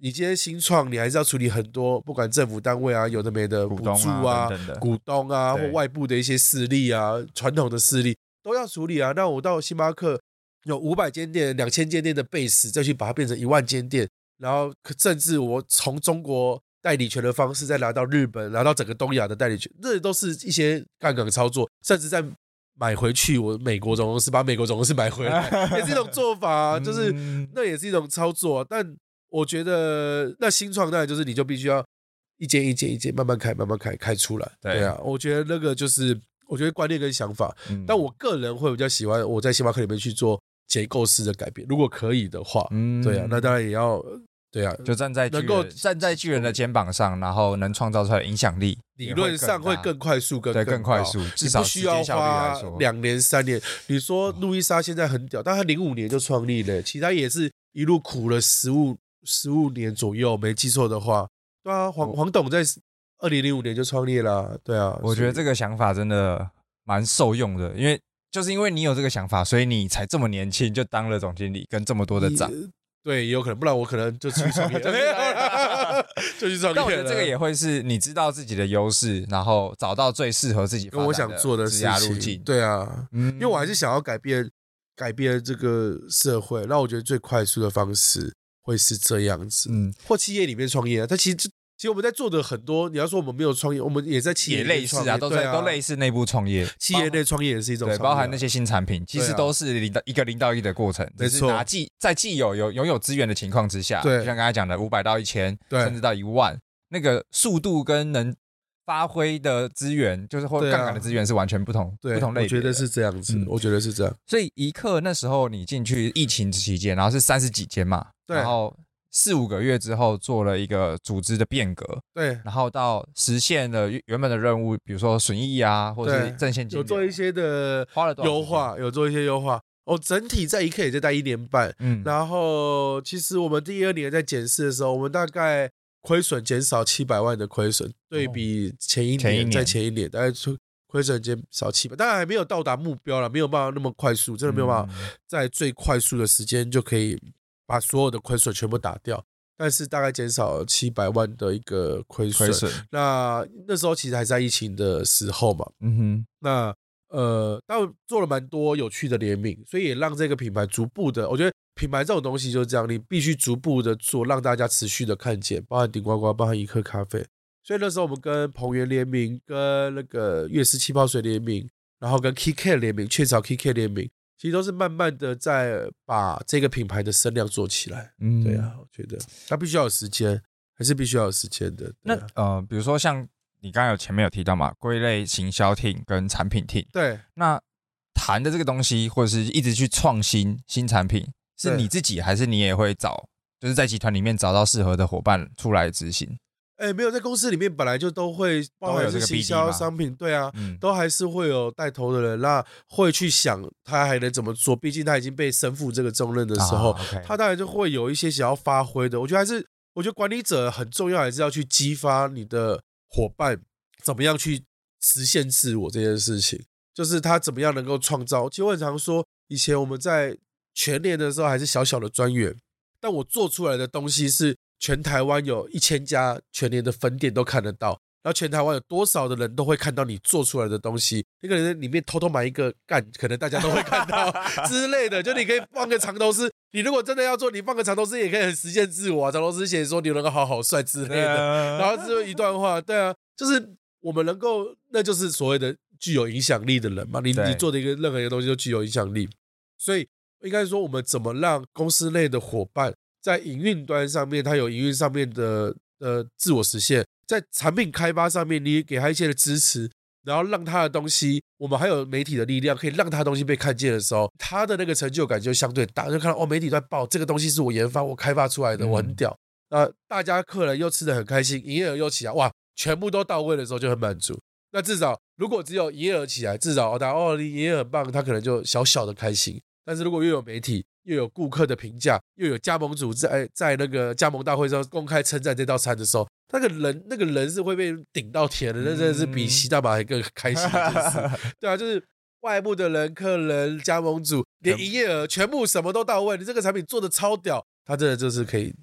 你今天新創，你還是要處理很多，不管政府單位啊，有的沒的補助啊，啊，股東啊，啊，或外部的一些勢力啊，傳統的勢力都要處理啊。那我到星巴克有五百間店、兩千間店的 base，再去把它變成一萬間店，然後甚至我從中國代理權的方式再拿到日本，拿到整個東亞的代理權，那也都是一些槓桿操作，甚至在買回去我美國總公司把美國總公司買回來， (laughs) 也是一種做法啊，就是那也是一種操作啊，但。我覺得那新創當然就是你就必須要一間一間一間慢慢開慢慢開開出來。對啊。啊、我覺得那個就是我覺得觀念跟想法、嗯，但我個人會比較喜歡我在星巴克裡面去做結構式的改變，如果可以的話，嗯，對啊，那當然也要，對啊。就站在能夠站在巨人的肩膀上，然後能創造出來影響力，理論上會更快速，更對，更快速，至少需要花兩年三年。你說路易莎現在很屌，但她零五年就創立了，其實她也是一路苦了食物，十五年左右，沒記錯的話，對啊，黃黃董在二零零五年就創業了，對啊。我覺得這個想法真的蠻受用的，因為就是因為你有這個想法，所以你才這麼年輕就當了總經理，跟這麼多的長，也對，有可能，不然我可能就去創業， (laughs) 就去創業。 (laughs) (laughs) 創業我覺得這個也會是你知道自己的優勢，然後找到最適合自己的跟我想做的路徑。對啊，嗯，因為我還是想要改變，改變這個社會，那我覺得最快速的方式，會是這樣子，嗯，或企業裡面創業啊，其實其實我們在做的很多，你要說我們沒有創業，我們也在企業內創業也類似啊，啊都在都類似內部創業，企業內創業也是一種、啊，對，包含那些新產品，其實都是零到、啊、一個零到一的過程，沒錯是，既在既有有擁有資源的情況之下，對，就像剛才講的五百到一千，甚至到一萬，那個速度跟能發揮的資源，就是或槓桿的資源是完全不同，對啊，不同類，我覺得是這樣子，嗯，我覺得是這樣，所以怡客那時候你進去疫情期間，然後是三十幾間嘛。然後四五個月之後做了一個組織的變革，對，然後到實現了原本的任務，比如說損益啊，或者是正現金流，有做一些的一些優化，有做一些優化。哦，整體在怡客也在待一年半，嗯，然後其實我們第二年在檢視的時候，我們大概虧損減少七百萬的虧損，哦，對比前一年，在前一年，前一年大概虧損減少七百，當然還沒有到達目標了，沒有辦法那麼快速，真的沒有辦法在最快速的時間就可以把所有的虧損全部打掉，但是大概減少七百萬的一個虧損。虧損，那那時候其實還在疫情的時候嘛，嗯哼。那呃，當然做了蠻多有趣的聯名，所以也讓這個品牌逐步的，我覺得品牌這種東西就是這樣，你必須逐步的做，讓大家持續的看見，包含頂呱呱，包含怡客咖啡。所以那時候我們跟鵬源聯名，跟那個悅詩氣泡水聯名，然後跟 K K 聯名，雀巢 K K 聯名。其實都是慢慢的在把這個品牌的聲量做起來，嗯，對啊，我覺得它必須要有時間，還是必須要有時間的。對啊，那呃，比如說像你剛剛有前面有提到嘛，歸類行銷 team 跟產品 team，對，那談的這個東西，或者是一直去創新新產品，是你自己，還是你也會找，就是在集團裡面找到適合的夥伴出來執行？哎、欸，沒有，在公司裡面本來就都會包含有些行銷商品，對啊，嗯、都還是會有帶頭的人，那會去想他還能怎麼做？畢竟他已經被身負這個重任的時候、啊 okay，他當然就會有一些想要發揮的。我覺得還是，我覺得管理者很重要，還是要去激發你的夥伴怎麼樣去實現自我這件事情，就是他怎麼樣能夠創造。其實我很常說，以前我們在全聯的時候還是小小的專員，但我做出來的東西是。全台灣有一千家全年的分店都看得到，然後全台灣有多少的人都會看到你做出來的東西？那個人在裡面偷偷買一個幹，可能大家都會看到之類的。 (laughs) 就你可以放個藏頭詩，你如果真的要做，你放個藏頭詩也可以實現自我、啊。藏頭詩寫說，你能夠好好帥之類的。然後就一段話，對啊，就是我們能夠，那就是所謂的具有影響力的人嘛。你你做的一個任何一個東西都具有影響力，所以應該說我們怎麼讓公司內的夥伴？在營運端上面，他有營運上面的呃自我實現；在產品開發上面，你給他一些的支持，然後讓他的東西，我們還有媒體的力量，可以讓他的東西被看見的時候，他的那個成就感就相對大。就看到哦，媒體在報這個東西是我研發、我開發出來的，我很屌。那大家客人又吃得很開心，營業額又起來，哇，全部都到位的時候就很滿足。那至少如果只有營業額起來，至少哦，大家哦，你營業額棒，他可能就小小的開心。但是如果又有媒體，又有顧客的評價，又有加盟主在在那個加盟大會上公開稱讚這道餐的時候，他那個人那個人是會被頂到天的，那真的是比習大馬還更開心，就是。 (laughs) 對啊，就是外部的人、客人、加盟主連營業額全部什麼都到位，你這個產品做的超屌，他真的就是可以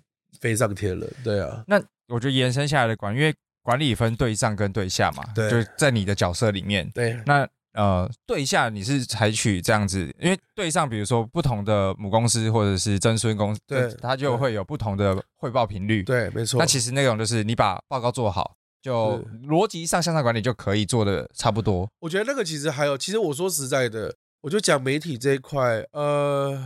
飛上天了。對啊，那我覺得延伸下來的管，因為管理分對上跟對下嘛，對就在你的角色裡面。對，那。呃，對一下你是採取這樣子，因為對上比如說不同的母公司或者是曾孫公司，對，他就會有不同的匯報頻率。對，沒錯。那其實那種就是你把報告做好，就邏輯上向上管理就可以做的差不多。我覺得那個其實還有，其實我說實在的，我就講媒體這一塊，呃，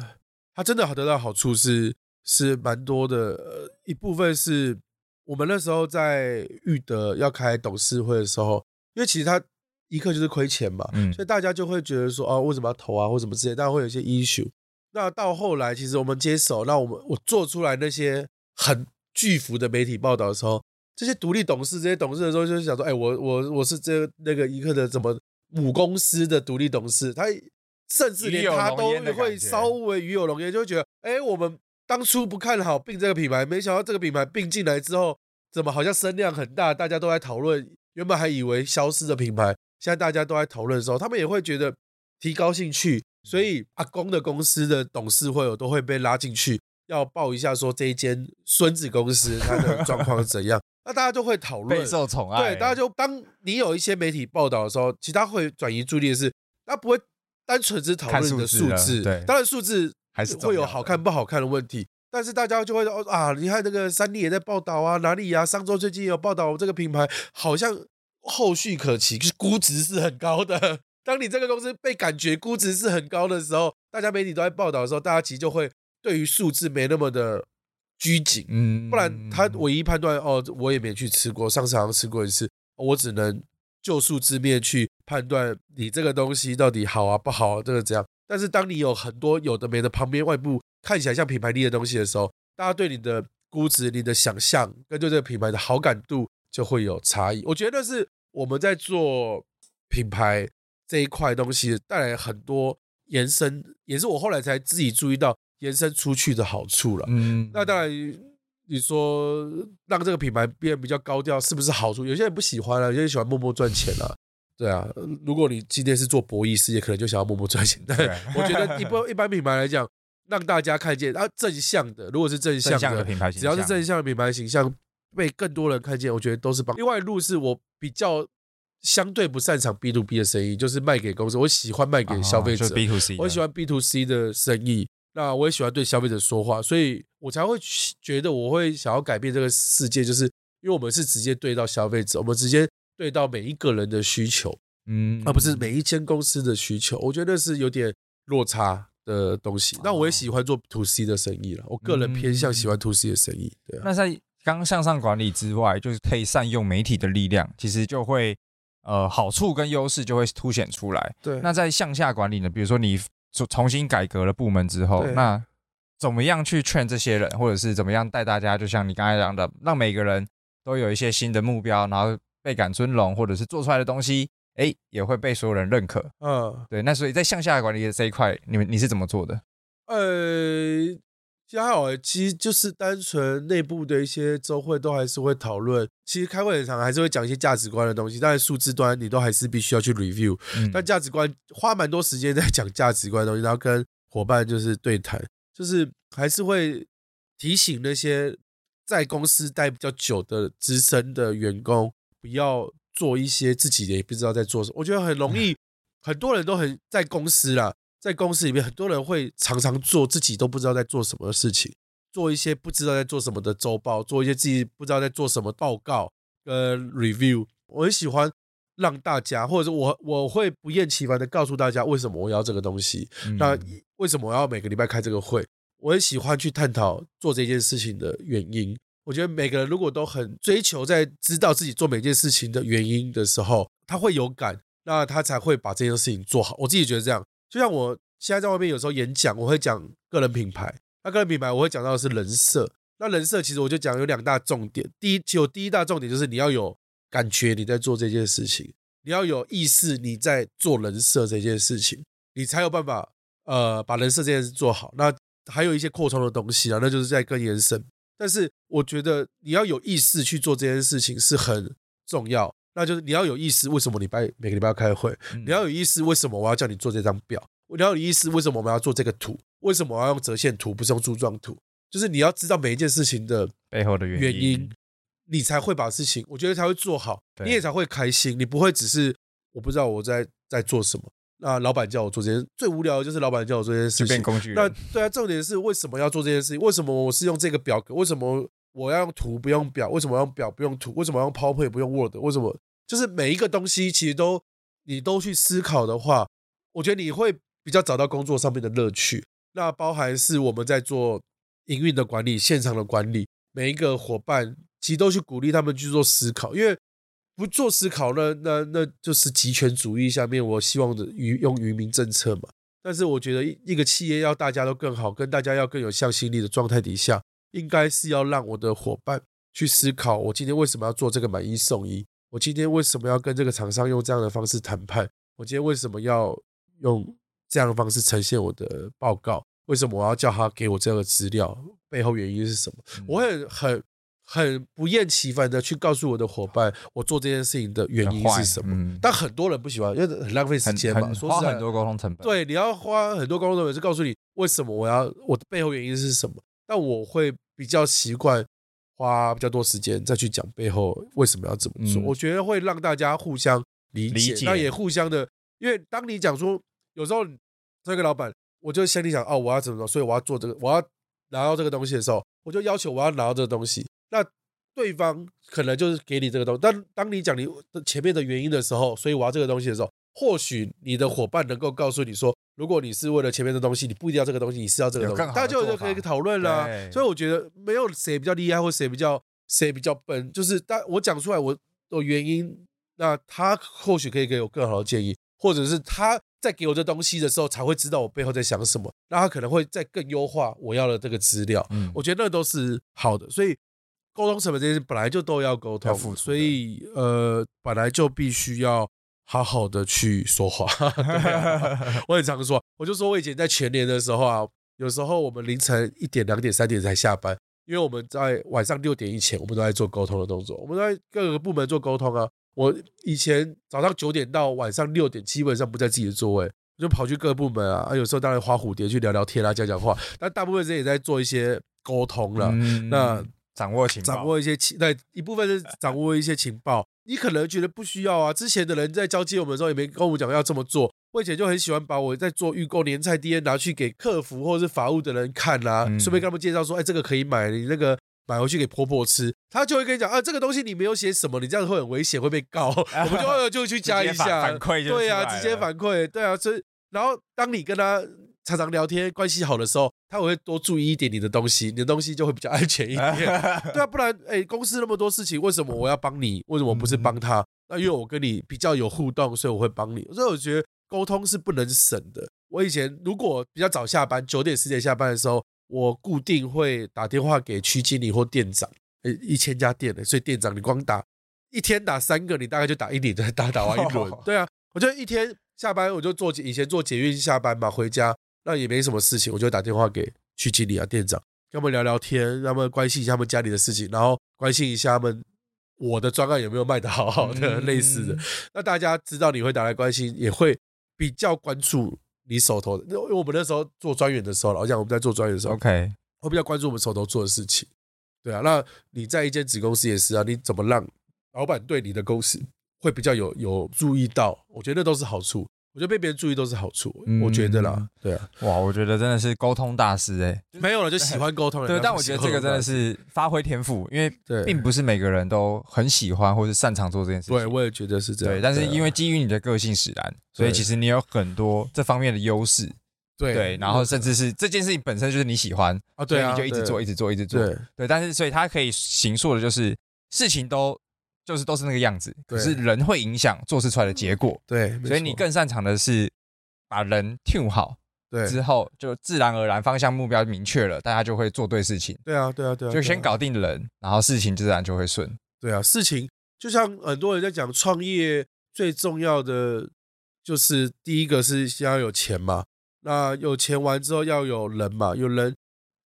他真的得到好處是是蠻多的，呃，一部分是我們那時候在玉德要開董事會的時候，因為其實他。怡客就是虧錢嘛、嗯，所以大家就會覺得說啊，為什麼要投啊，或什麼之類，當然會有一些 issue。那到後來，其實我們接手，那我們我做出來那些很巨幅的媒體報道的時候，這些獨立董事，這些董事的時候，就是想說，哎，我我我是這個那個怡客的怎麼母公司的獨立董事，他甚至連他,他都會稍微與有榮焉，就會覺得，哎，我們當初不看好併這個品牌，沒想到這個品牌併進來之後，怎麼好像聲量很大，大家都在討論，原本還以為消失的品牌。現在大家都在討論的時候，他們也會覺得提高興趣，所以阿公的公司的董事會都會被拉進去，要報一下說這一間孫子公司它的狀況是怎樣。 (laughs) 那大家就會討論，備受寵愛、欸、對，大家就當你有一些媒體報道的時候，其他會轉移注意力是，他不會單純只討論你的數字，數字，對，當然數字還是會有好看不好看的問題，是但是大家就會說啊，你看那個三立也在報道啊，哪裡啊？上周最近有報道這個品牌好像。後續可期，就是估值是很高的。當你這個公司被感覺估值是很高的時候，大家媒體都在報道的時候，大家其實就會對於數字沒那麼的拘謹。嗯，不然他唯一判斷哦，我也沒去吃過，上次好像吃過一次，我只能就數字面去判斷你這個東西到底好啊不好啊這個怎樣？但是當你有很多有的沒的旁邊外部看起來像品牌力的東西的時候，大家對你的估值、你的想象，跟對這個品牌的好感度，就會有差異。我覺得是我們在做品牌這一塊東西帶來很多延伸，也是我後來才自己注意到延伸出去的好處了。嗯，那當然你說讓這個品牌變得比較高調，是不是好處？有些人不喜歡啊，有些人喜歡默默賺錢啊。對啊，如果你今天是做博弈事業，可能就想要默默賺錢。但我覺得一般一般品牌來講，讓大家看見啊正向的，如果是正向的品牌，只要是正向的品牌形象，被更多人看見，我覺得都是幫。另外一路是我比較相對不擅長 B to B 的生意，就是賣給公司。我喜歡賣給消費者，B to C，我喜歡 B to C 的生意。那我也喜歡對消費者說話，所以我才會覺得我會想要改變這個世界，就是因為我們是直接對到消費者，我們直接對到每一個人的需求，嗯，嗯而不是每一間公司的需求。我覺得那是有點落差的東西。那我也喜歡做 to C 的生意了，我個人偏向喜歡 to C 的生意。嗯、對、啊，那在。當向上管理之外，就是可以善用媒體的力量，其實就會，呃，好處跟優勢就會凸顯出來。對。那在向下管理呢？比如說你重重新改革了部門之後，那怎麼樣去 train 這些人，或者是怎麼樣帶大家？就像你剛才講的，讓每個人都有一些新的目標，然後倍感尊榮，或者是做出來的東西，誒，也會被所有人認可。嗯、呃。對。那所以在向下管理的這一塊，你們你是怎麼做的？呃。其他哦，其實就是單純內部的一些周會都還是會討論。其實開會很常，還是會講一些價值觀的東西。但數字端你都還是必須要去 review。但價值觀花蠻多時間在講價值觀的東西，然後跟夥伴就是對談，就是還是會提醒那些在公司待比較久的資深的員工，不要做一些自己也不知道在做什麼。我覺得很容易，很多人都很在公司啦。在公司裡面，很多人會常常做自己都不知道在做什麼事情，做一些不知道在做什麼的週報，做一些自己不知道在做什麼報告跟 review。我很喜歡讓大家，或者是我我會不厭其煩的告訴大家為什麼我要這個東西，那為什麼我要每個禮拜開這個會？我很喜歡去探討做這件事情的原因。我覺得每個人如果都很追求在知道自己做每件事情的原因的時候，他會有感，那他才會把這件事情做好。我自己覺得這樣。就像我現在在外面有時候演講，我會講個人品牌。那個人品牌，我會講到的是人設。那人設其實我就講有兩大重點。第一，就第一大重點就是你要有感覺你在做這件事情，你要有意識你在做人設這件事情，你才有辦法呃把人設這件事做好。那還有一些擴充的東西啊，那就是在更延伸。但是我覺得你要有意識去做這件事情是很重要。那就是你要有意思，為什麼禮拜每個禮拜要開會、嗯？你要有意思，為什麼我要叫你做這張表、嗯？你要有意思，為什麼我們要做這個圖？為什麼我要用折線圖，不是用柱狀圖？就是你要知道每一件事情的背後的原因，你才會把事情，我覺得才會做好，你也才會開心。你不會只是我不知道我在在做什麼。那老板叫我做這件事，最無聊的就是老板叫我做這件事情。工具那對啊，重點是為什麼要做這件事情？為什麼我是用這個表格？為什麼？我要用圖，不用表；為什麼要用表，不用圖？為什麼要用 PowerPoint 不用 Word？為什麼？就是每一個東西，其實都你都去思考的話，我覺得你會比較找到工作上面的樂趣。那包含是我們在做營運的管理、現場的管理，每一個夥伴其實都去鼓勵他們去做思考，因為不做思考呢，那那就是極權主義下面。我希望的愚用愚民政策嘛，但是我覺得一個企業要大家都更好，跟大家要更有向心力的狀態底下。應該是要讓我的伙伴去思考：我今天為什麼要做這個買一送一？我今天為什麼要跟這個廠商用這樣的方式談判？我今天為什麼要用這樣的方式呈現我的報告？為什麼我要叫他給我這樣的資料？背後原因是什麼？我很很很不厭其煩的去告訴我的伙伴，我做這件事情的原因是什麼？但很多人不喜歡，因為很浪費時間嘛。說很多溝通成本。對，你要花很多溝通成本就告訴你為什麼我要我的背後原因是什麼。但我會比較習慣花比較多時間再去講背後為什麼要這麼說，嗯，我覺得會讓大家互相理解，那也互相的，因為當你講出，有時候這個老闆，我就心裡想，你想哦，我要怎麼做，所以我要做這個，我要拿到這個東西的時候，我就要求我要拿到這個東西，那對方可能就是給你這個東西，但當你講你前面的原因的時候，所以我要這個東西的時候。或許你的夥伴能夠告訴你說，如果你是為了前面的東西，你不一定要這個東西，你是要這個東西，大家就就可以去討論了、啊。所以我覺得沒有誰比較厲害，或誰比較誰比較笨，就是但我講出來我的原因，那他或許可以給我更好的建議，或者是他在給我這東西的時候，才會知道我背後在想什麼，那他可能會再更優化我要的這個資料。嗯、我覺得那都是好的，所以溝通成本這些本來就都要溝通，所以呃，本來就必須要。好好的去說話，啊、我也常說，我就說，我以前在全年的時候啊，有時候我們凌晨一點、兩點、三點才下班，因為我們在晚上六點以前，我們都在做溝通的動作，我們在各個部門做溝通啊。我以前早上九點到晚上六點，基本上不在自己的座位，就跑去各個部門啊，啊。有時候當然花蝴蝶去聊聊天啊，講講話，但大部分時間也在做一些溝通了、嗯。那掌握情，掌握一些情，對，一部分是掌握一些情報。 (laughs) 你可能覺得不需要啊，之前的人在交接我們的時候也沒跟我們講要這麼做，我以前就很喜歡把我在做預購年菜 DNA 拿去給客服或者是法務的人看啊，嗯、順便跟他們介紹說，哎，這個可以買，你那個買回去給婆婆吃，他就會跟你講啊，這個東西你沒有寫什麼，你這樣會很危險，會被告， (laughs) 我們就、呃、就去加一下反饋就行了，對啊，直接反饋，對啊，所以然後當你跟他，常常聊天，關係好的時候，他會多注意一點你的東西，你的東西就會比較安全一點。對啊，不然、欸、公司那麼多事情，為什麼我要幫你？為什麼不是幫他？那因為我跟你比較有互動，所以我會幫你。所以我覺得溝通是不能省的。我以前如果比較早下班，九點十點下班的時候，我固定會打電話給區經理或店長。一千家店的、欸，所以店長，你光打一天打三個，你大概就打一年，打打完一輪。對啊，我就一天下班，我就坐以前坐捷運下班嘛，回家。那也沒什麼事情，我就打電話給區經理啊、店長，跟他們聊聊天，他們關心一下他們家裡的事情，然後關心一下他們我的專案有沒有賣得好好的嗯嗯類似的。那大家知道你會打來關心，也會比較關注你手頭的。那因為我們那時候做專員的時候，好像我們在做專員的時候，OK，會比較關注我們手頭做的事情。對啊，那你在一間子公司也是啊，你怎麼讓老板對你的公司會比較有有注意到？我覺得那都是好處。我覺得被別人注意都是好處、嗯，我覺得啦，對啊，哇，我覺得真的是溝通大師哎、欸，沒有了就喜歡溝通了，對。但我覺得這個真的是發揮天賦，因為對，並不是每個人都很喜歡或是擅長做這件事情。對，我也覺得是這樣。對，但是因為基於你的個性使然，所以其實你有很多這方面的優勢。對，對然後甚至是這件事情本身就是你喜歡哦，對，所以你就一直做，對，一直做，一直做，一直做。對，對，但是所以他可以行數的就是事情都，就是都是那個樣子，可是人會影響做事出來的結果。對，所以你更擅長的是把人 tune 好，對，之後就自然而然方向目標明確了，大家就會做對事情。對啊，對啊，對，啊對啊，就先搞定人，啊啊啊，然後事情自然就會順。對啊，事情就像很多人在講，創業最重要的就是第一個是先要有錢嘛，那有錢完之後要有人嘛，有人。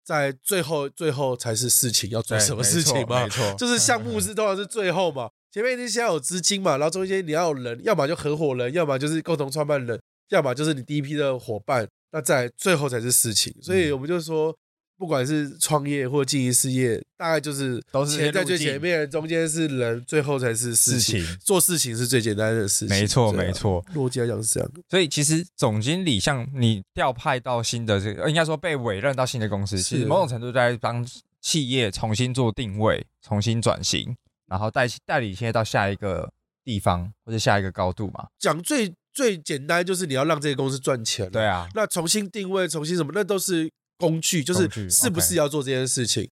在最後，最後才是事情，要做什麼事情嘛，沒錯，就是項目是通常是最後嘛， (laughs) 前面一定先要有資金嘛，然後中間你要有人，要麼就合夥人，要麼就是共同創辦人，要麼就是你第一批的夥伴，那在最後才是事情，所以我們就說。嗯不管是創業或經營事業，大概就是都是在最前面，中間是人，最後才是事情。做事情是最簡單的事情，沒錯、啊，沒錯。邏輯來講是這樣，所以其實總經理像你調派到新的這個，應該說被委任到新的公司，是其實某種程度在幫企業重新做定位、重新轉型，然後代代理現在到下一個地方或者下一個高度嘛。講最最簡單，就是你要讓這個公司賺錢。對啊，那重新定位、重新什麼，那都是。工具就是是不是要做這件事情，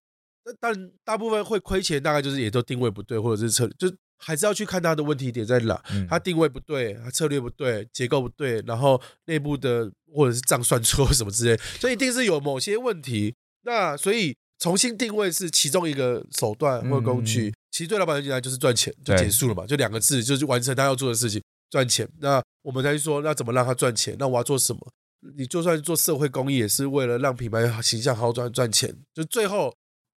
但大部分會虧錢，大概就是也都定位不對，或者是策略，就還是要去看他的問題點在哪。他定位不對，他策略不對，結構不對，然後內部的或者是賬算錯什麼之類，所以一定是有某些問題。那所以重新定位是其中一個手段或者工具。其實對老闆來講就是賺錢就結束了嘛，就兩個字就是完成他要做的事情賺錢。那我們再去說那怎麼讓他賺錢，那我要做什麼？你就算做社會公益，也是為了讓品牌形象好轉賺錢，就最後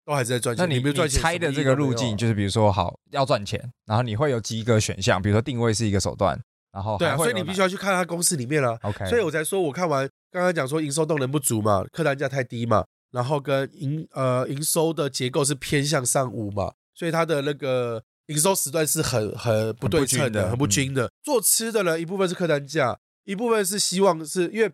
都還是在賺錢。那你，你，你沒有賺錢拆、啊、的這個路徑，就是比如說好要賺錢，然後你會有幾個選項，比如說定位是一個手段，然後對啊，所以你必須要去看他公司裡面了。OK，所以我才說，我看完剛剛講說營收動能不足嘛，客單價太低嘛，然後跟營呃營收的結構是偏向上午嘛，所以它的那個營收時段是很很不對稱的，很不均的，不均的、嗯。做吃的呢，一部分是客單價。一部分是希望是因為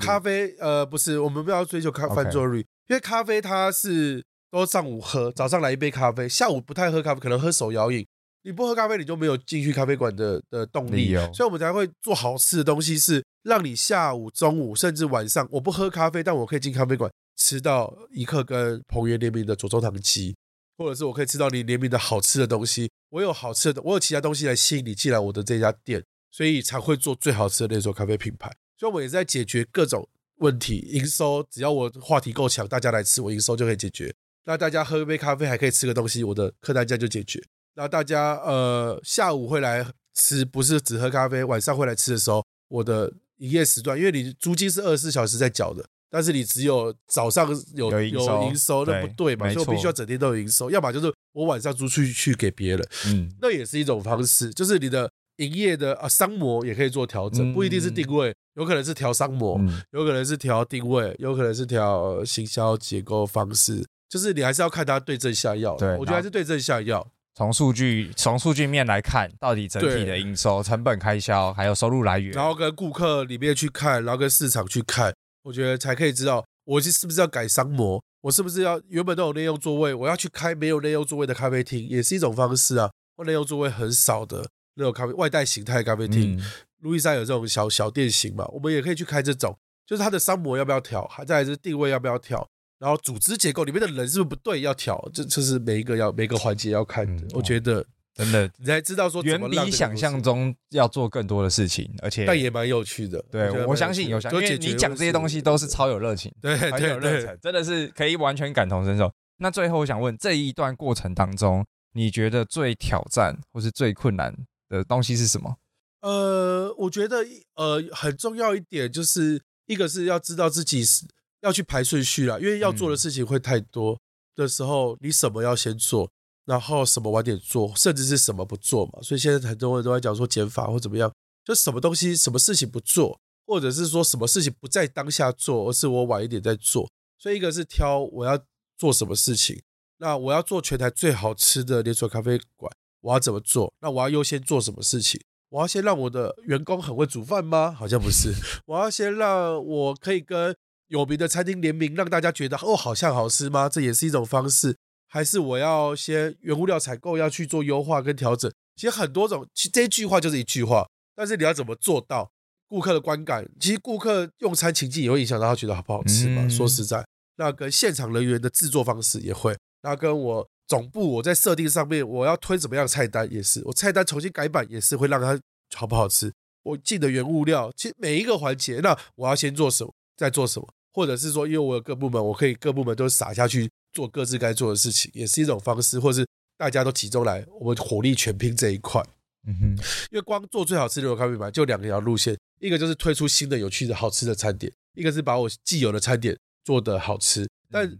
咖啡，呃，不是，我們不要追求咖啡翻桌率，okay，因為咖啡它是都上午喝，早上來一杯咖啡，下午不太喝咖啡，可能喝手搖飲。你不喝咖啡，你就沒有進去咖啡館的的動力，所以我們才會做好吃的東西，是讓你下午、中午甚至晚上，我不喝咖啡，但我可以進咖啡館吃到一客跟彭園聯名的左宗棠雞。或者是我可以吃到你聯名的好吃的東西。我有好吃的，我有其他東西來吸引你進來我的這家店。所以才會做最好吃的連鎖咖啡品牌。所以，我也是在解決各種問題。營收只要我話題夠強，大家來吃，我營收就可以解決。那大家喝一杯咖啡，還可以吃個東西，我的客單價就解決。那大家呃，下午會來吃，不是只喝咖啡；晚上會來吃的時候，我的營業時段，因為你租金是二十四小時在繳的，但是你只有早上有有營收，那不對嘛？所以我必須要整天都有營收，要麼就是我晚上租出去去給別人，嗯，那也是一種方式，就是你的。營業的啊，商模，也可以做調整，嗯，不一定是定位，有可能是調商模，嗯，有可能是調定位，有可能是調行銷結構方式，就是你還是要看它對症下藥。對，我覺得還是對症下藥。從數據，從數據面來看，到底整體的營收、成本、開銷，還有收入來源，然後跟顧客裡面去看，然後跟市場去看，我覺得才可以知道，我是不是要改商模，我是不是要原本都有內用座位，我要去開沒有內用座位的咖啡廳，也是一種方式啊。我內用座位很少的。外帶態咖啡外帶形態咖啡廳，路易莎有這種小小店型嘛？我們也可以去開這種，就是它的商業模要不要調，再來是定位要不要調，然後組織結構裡面的人是不是不對要調，這這、就是每一個要每個環節要看的。嗯、我覺得真的，你才知道說，遠比想象中要做更多的事情，而且，而且但也蠻有趣的。對的我相信有想，因為你講這些東西都是超有熱情，對、對、對，很有熱情，對對對，真的是可以完全感同身受對對對。那最後我想問，這一段過程當中，你覺得最挑戰或是最困難？的東西是什麼？呃，我覺得呃很重要一點，就是一個是要知道自己是要去排順序啦，因為要做的事情會太多的時候，你什麼要先做，然後什麼晚點做，甚至是什麼不做嘛。所以現在很多人都在講說減法或怎麼樣，就什麼東西、什麼事情不做，或者是說什麼事情不在當下做，而是我晚一點再做。所以一個是挑我要做什麼事情，那我要做全台最好吃的連鎖咖啡館。我要怎麼做？那我要優先做什麼事情？我要先讓我的員工很會煮飯嗎？好像不是。 (laughs) 我要先讓我可以跟有名的餐廳聯名，讓大家覺得哦，好像好吃嗎？這也是一種方式。還是我要先原物料採購要去做優化跟調整？其實很多種。其實這一句話就是一句話，但是你要怎麼做到顧客的觀感？其實顧客用餐情境也會影響到他覺得好不好吃嘛。說實在，那跟現場人員的製作方式也會。那跟我。總部我在設定上面，我要推什麼樣的菜單也是，我菜單重新改版也是會讓它好不好吃。我進的原物料，其實每一個環節，那我要先做什麼，再做什麼，或者是說，因為我有各部門，我可以各部門都撒下去做各自該做的事情，也是一種方式，或是大家都集中來，我們火力全拼這一塊。嗯哼，因為光做最好吃的咖啡品牌，就兩條路線，一個就是推出新的有趣的、好吃的餐點，一個是把我既有的餐點做的好吃，但。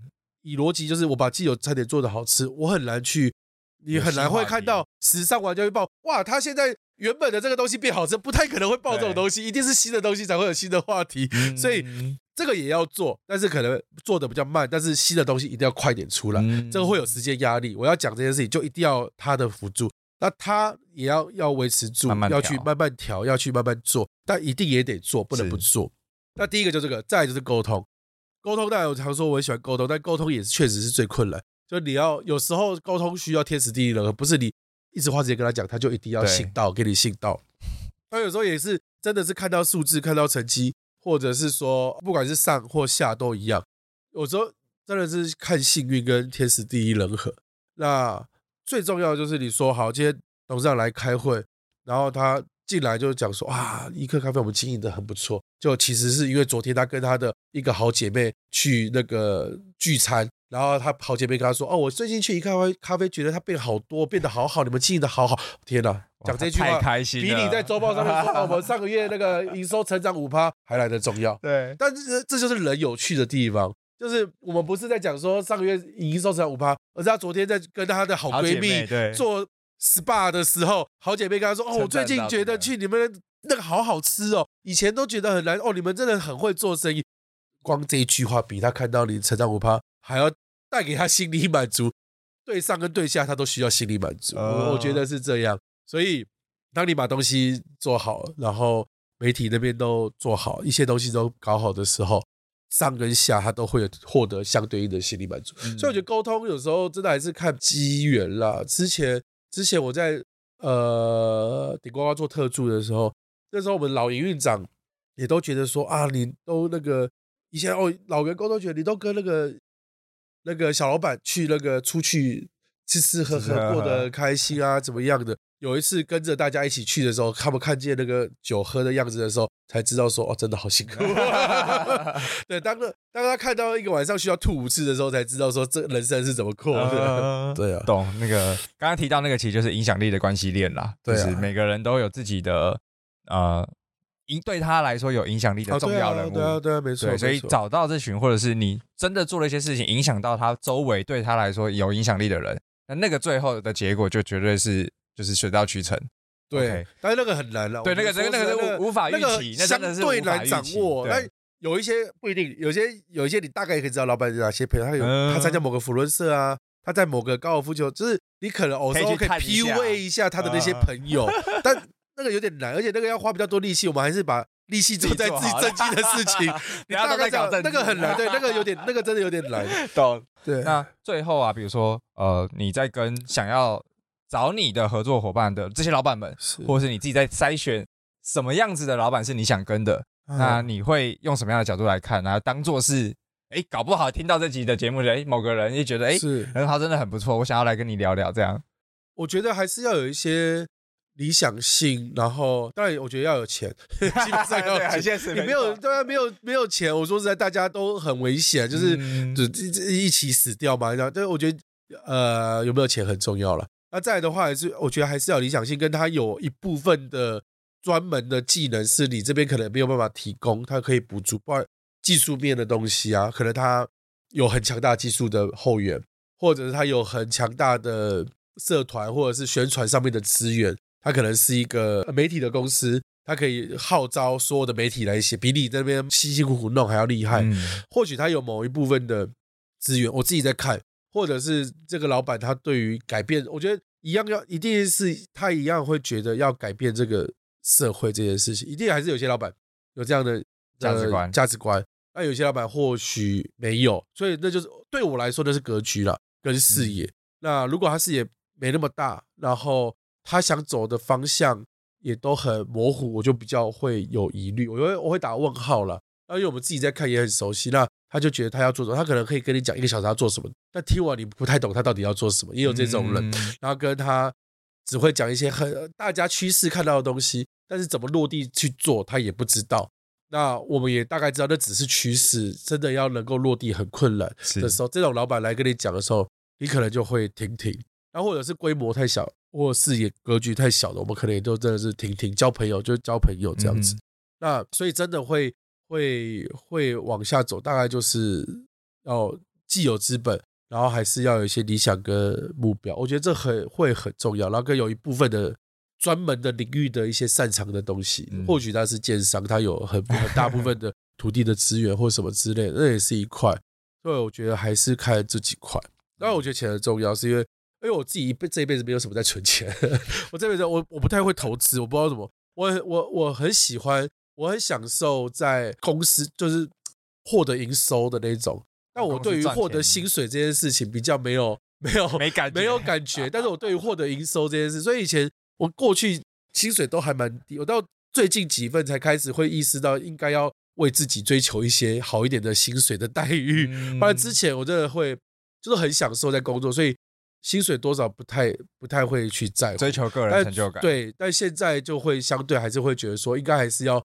以邏輯就是，我把既有餐點做的好吃，我很難去，你很難會看到食尚玩家會報，哇，他現在原本的這個東西變好吃，不太可能會報這種東西，一定是新的東西才會有新的話題，嗯、所以這個也要做，但是可能做的比較慢，但是新的東西一定要快點出來，這、嗯、個會有時間壓力。我要講這件事情，就一定要他的輔助，那他也要要維持住慢慢，要去慢慢調，要去慢慢做，但一定也得做，不能不做。那第一個就這個，再來就是溝通。溝通，當然我常說我很喜歡溝通，但溝通也確實是最困難。就你要有時候溝通需要天時地利人和，不是你一直花時間跟他講，他就一定要信到，給你信到。他有時候也是真的是看到數字、看到成績，或者是說不管是上或下都一樣。有時候真的是看幸運跟天時地利人和。那最重要的就是你說好，今天董事長來開會，然後他。進來就講說啊，怡客咖啡我們經營的很不錯。就其實是因為昨天他跟他的一個好姐妹去那個聚餐，然後他好姐妹跟他說：“哦，我最近去怡客咖啡，覺得她變好多，變得好好，你們經營的好好。”天哪，講這句話太開心了，比你在週報上面說我們上個月那個營收成長五趴還來得重要。對，但是這就是人有趣的地方，就是我們不是在講說上個月營收成長五趴，而是他昨天在跟他的好閨蜜做 SPA 的時候，好姐妹跟她說：“哦，我最近覺得去你們那個好好吃哦，以前都覺得很難哦，你們真的很會做生意。”光這一句話，比她看到你成長五趴，還要帶給她心理滿足。對上跟對下，她都需要心理滿足、哦。我覺得是這樣。所以，當你把東西做好，然後媒體那邊都做好，一些東西都搞好的時候，上跟下她都會獲得相對應的心理滿足、嗯。所以，我覺得溝通有時候真的還是看機緣啦。之前。之前我在呃頂呱呱做特助的時候，那時候我們老營運長也都覺得說啊，你都那個以前哦老員工都覺得你都跟那個那個小老闆去那個出去吃吃喝喝，過、啊、得開心啊，怎麼樣的。有一次跟着大家一起去的時候，他們看見那個酒喝的樣子的時候，才知道說哦，真的好辛苦、啊。 (laughs) (laughs) 對，當，當他看到一個晚上需要吐五次的時候，才知道說這人生是怎麼過的、啊。對啊，懂那個剛剛提到那個，其實就是影響力的關係鏈啦。 (laughs) 對、啊就是每個人都有自己的呃對他來說有影響力的重要人物。啊對，啊對啊，對啊，沒錯。所以找到這群，或者是你真的做了一些事情，影響到他周圍，對他來說有影響力的人，那那個最後的結果就絕對是。就是水到渠成，對，okay，但是那個很難了，對，我那個、那個、那個、那個無法預期、那個、期，相對來掌握，但有一些不一定，有些、有一些你大概也可以知道老闆有哪些朋友，他有、呃、他參加某個扶輪社啊，他在某個高爾夫球，就是你可能偶爾可以 PUA 一,一下他的那些朋友，呃，但那個有點難，而且那個要花比較多力氣，我們還是把力氣做在自己正經的事情。 (laughs) 你要大概講， (laughs) 那個很難，對，那個有點，那個真的有點難。懂？對。那最後啊，比如說呃，你在跟想要。找你的合作夥伴的這些老闆們，或者是你自己在篩選什麼樣子的老闆是你想跟的、嗯？那你會用什麼樣的角度來看，然後當做是哎、欸，搞不好聽到這集的節目，哎、欸，某個人就覺得哎，是，然、欸、後他真的很不錯，我想要來跟你聊聊這樣。我覺得還是要有一些理想性，然後當然，我覺得要有錢， (laughs) 基本上要錢。 (laughs) 你沒有，當然沒有沒有錢。我說實在，大家都很危險，就是、嗯、就一起死掉嘛。然後，但我覺得呃，有沒有錢很重要了。他、啊、再來的話，還是我覺得還是要理想性，跟他有一部分的專門的技能，是你這邊可能沒有辦法提供，他可以補助，不然技術面的東西啊。可能他有很強大的技術的後援，或者是他有很強大的社團，或者是宣傳上面的資源，他可能是一個媒體的公司，他可以號召所有的媒體來寫，比你這邊辛辛苦苦弄還要厲害。嗯、或許他有某一部分的資源，我自己在看。或者是這個老闆，他對於改變，我覺得一樣要，一定是他一樣會覺得要改變這個社會這件事情，一定還是有些老闆有這樣的價、呃、值觀，價值觀。那有些老闆或許沒有，所以那就是對我來說，那是格局啦，跟視野、嗯。那如果他視野沒那麼大，然後他想走的方向也都很模糊，我就比較會有疑慮，我會我會打問號了。而且我們自己在看也很熟悉，那他就覺得他要做什麼，他可能可以跟你講一個小時要做什麼，但聽完你不太懂他到底要做什麼。也有這種人，嗯、然後跟他只會講一些很大家趨勢看到的東西，但是怎麼落地去做他也不知道。那我們也大概知道，那只是趨勢，真的要能夠落地很困難的時候是，這種老板來跟你講的時候，你可能就會停停。然後或者是規模太小，或視野格局太小了，我們可能也就真的是停停，交朋友就交朋友這樣子。嗯、那所以真的會。會會往下走，大概就是要既有資本，然後還是要有一些理想跟目標，我覺得這很會很重要。然後更有一部分的專門的領域的一些擅長的東西，或許他是建商，他有很、很大部分的土地的資源或什麼之類的，那也是一塊。所以我覺得還是看這幾塊。當然，我覺得錢很重要，是因為因為我自己一輩這一輩子沒有什麼在存錢， (laughs) 我這輩子我我不太會投資，我不知道怎麼，我我我很喜歡。我很享受在公司就是獲得營收的那種，但我對於獲得薪水這件事情比較沒有沒有沒感覺沒有感覺。但是我對於獲得營收這件事， (laughs) 所以以前我過去薪水都還蠻低，我到最近幾份才開始會意識到應該要為自己追求一些好一點的薪水的待遇。不、嗯、然之前我真的會就是很享受在工作，所以薪水多少不太不太會去在乎，追求個人成就感。對，但現在就會相對還是會覺得說應該還是要。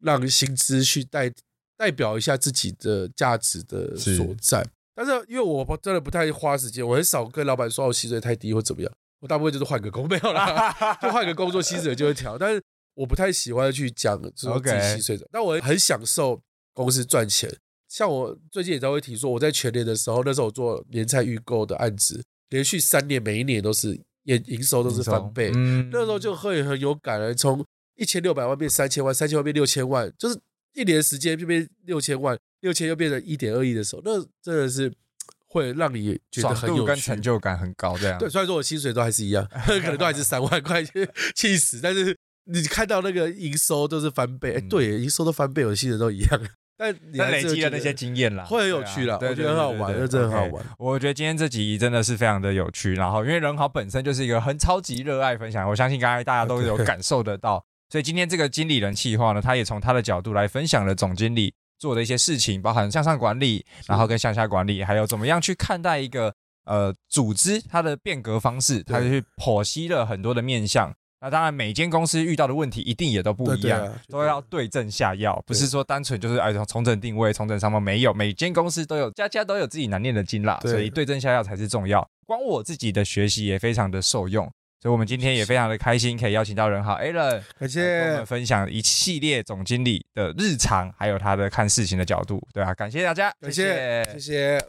讓薪資去代代表一下自己的價值的所在，但是因為我真的不太花時間，我很少跟老闆說我薪水太低或怎麼樣，我大部分就是換個工沒有啦， (laughs) 就換個工作，薪水就會調。但是我不太喜歡去講自己薪水的，那、okay. 我很享受公司賺錢。像我最近也在會提說，我在全年的時候，那時候我做年菜預購的案子，連續三年每一年都是營營收都是翻倍、嗯，那時候就會很有感來衝一千六百萬變三千萬，三千萬變六千萬，就是一年時間就變六千萬，六千又變成一點二億的時候，那真的是會讓你覺得很有成就感很高這樣。對，雖然說我薪水都還是一樣，可能都還是三萬塊錢，氣 (laughs) 死。但是你看到那個營收都是翻倍，哎、嗯欸，對，營收都翻倍，我的薪水都一樣。但你但累積了那些經驗啦，會很有趣啦，對啊、對我覺得很好玩，那真的很好玩。Okay, 我覺得今天這集真的是非常的有趣，然後因為人豪本身就是一個很超級熱愛分享，我相信剛才大家都有感受得到、okay.。 (laughs) 所以今天這個經理人企劃呢，他也從他的角度來分享了總經理做的一些事情，包含向上管理，然後跟向下管理，還有怎麼樣去看待一個呃組織它的變革方式，他就去剖析了很多的面向。那當然，每間公司遇到的問題一定也都不一樣，對對啊就是、都要對症下藥，不是說單純就是哎，從重整定位、重整上方沒有，每間公司都有，家家都有自己難念的經啦。所以對症下藥才是重要。光我自己的學習也非常的受用。所以我們今天也非常的開心，可以邀請到人好 Alan 感謝，謝、呃、跟我們分享一系列總經理的日常，還有他的看事情的角度，對啊，感謝大家，謝謝，謝謝。謝謝。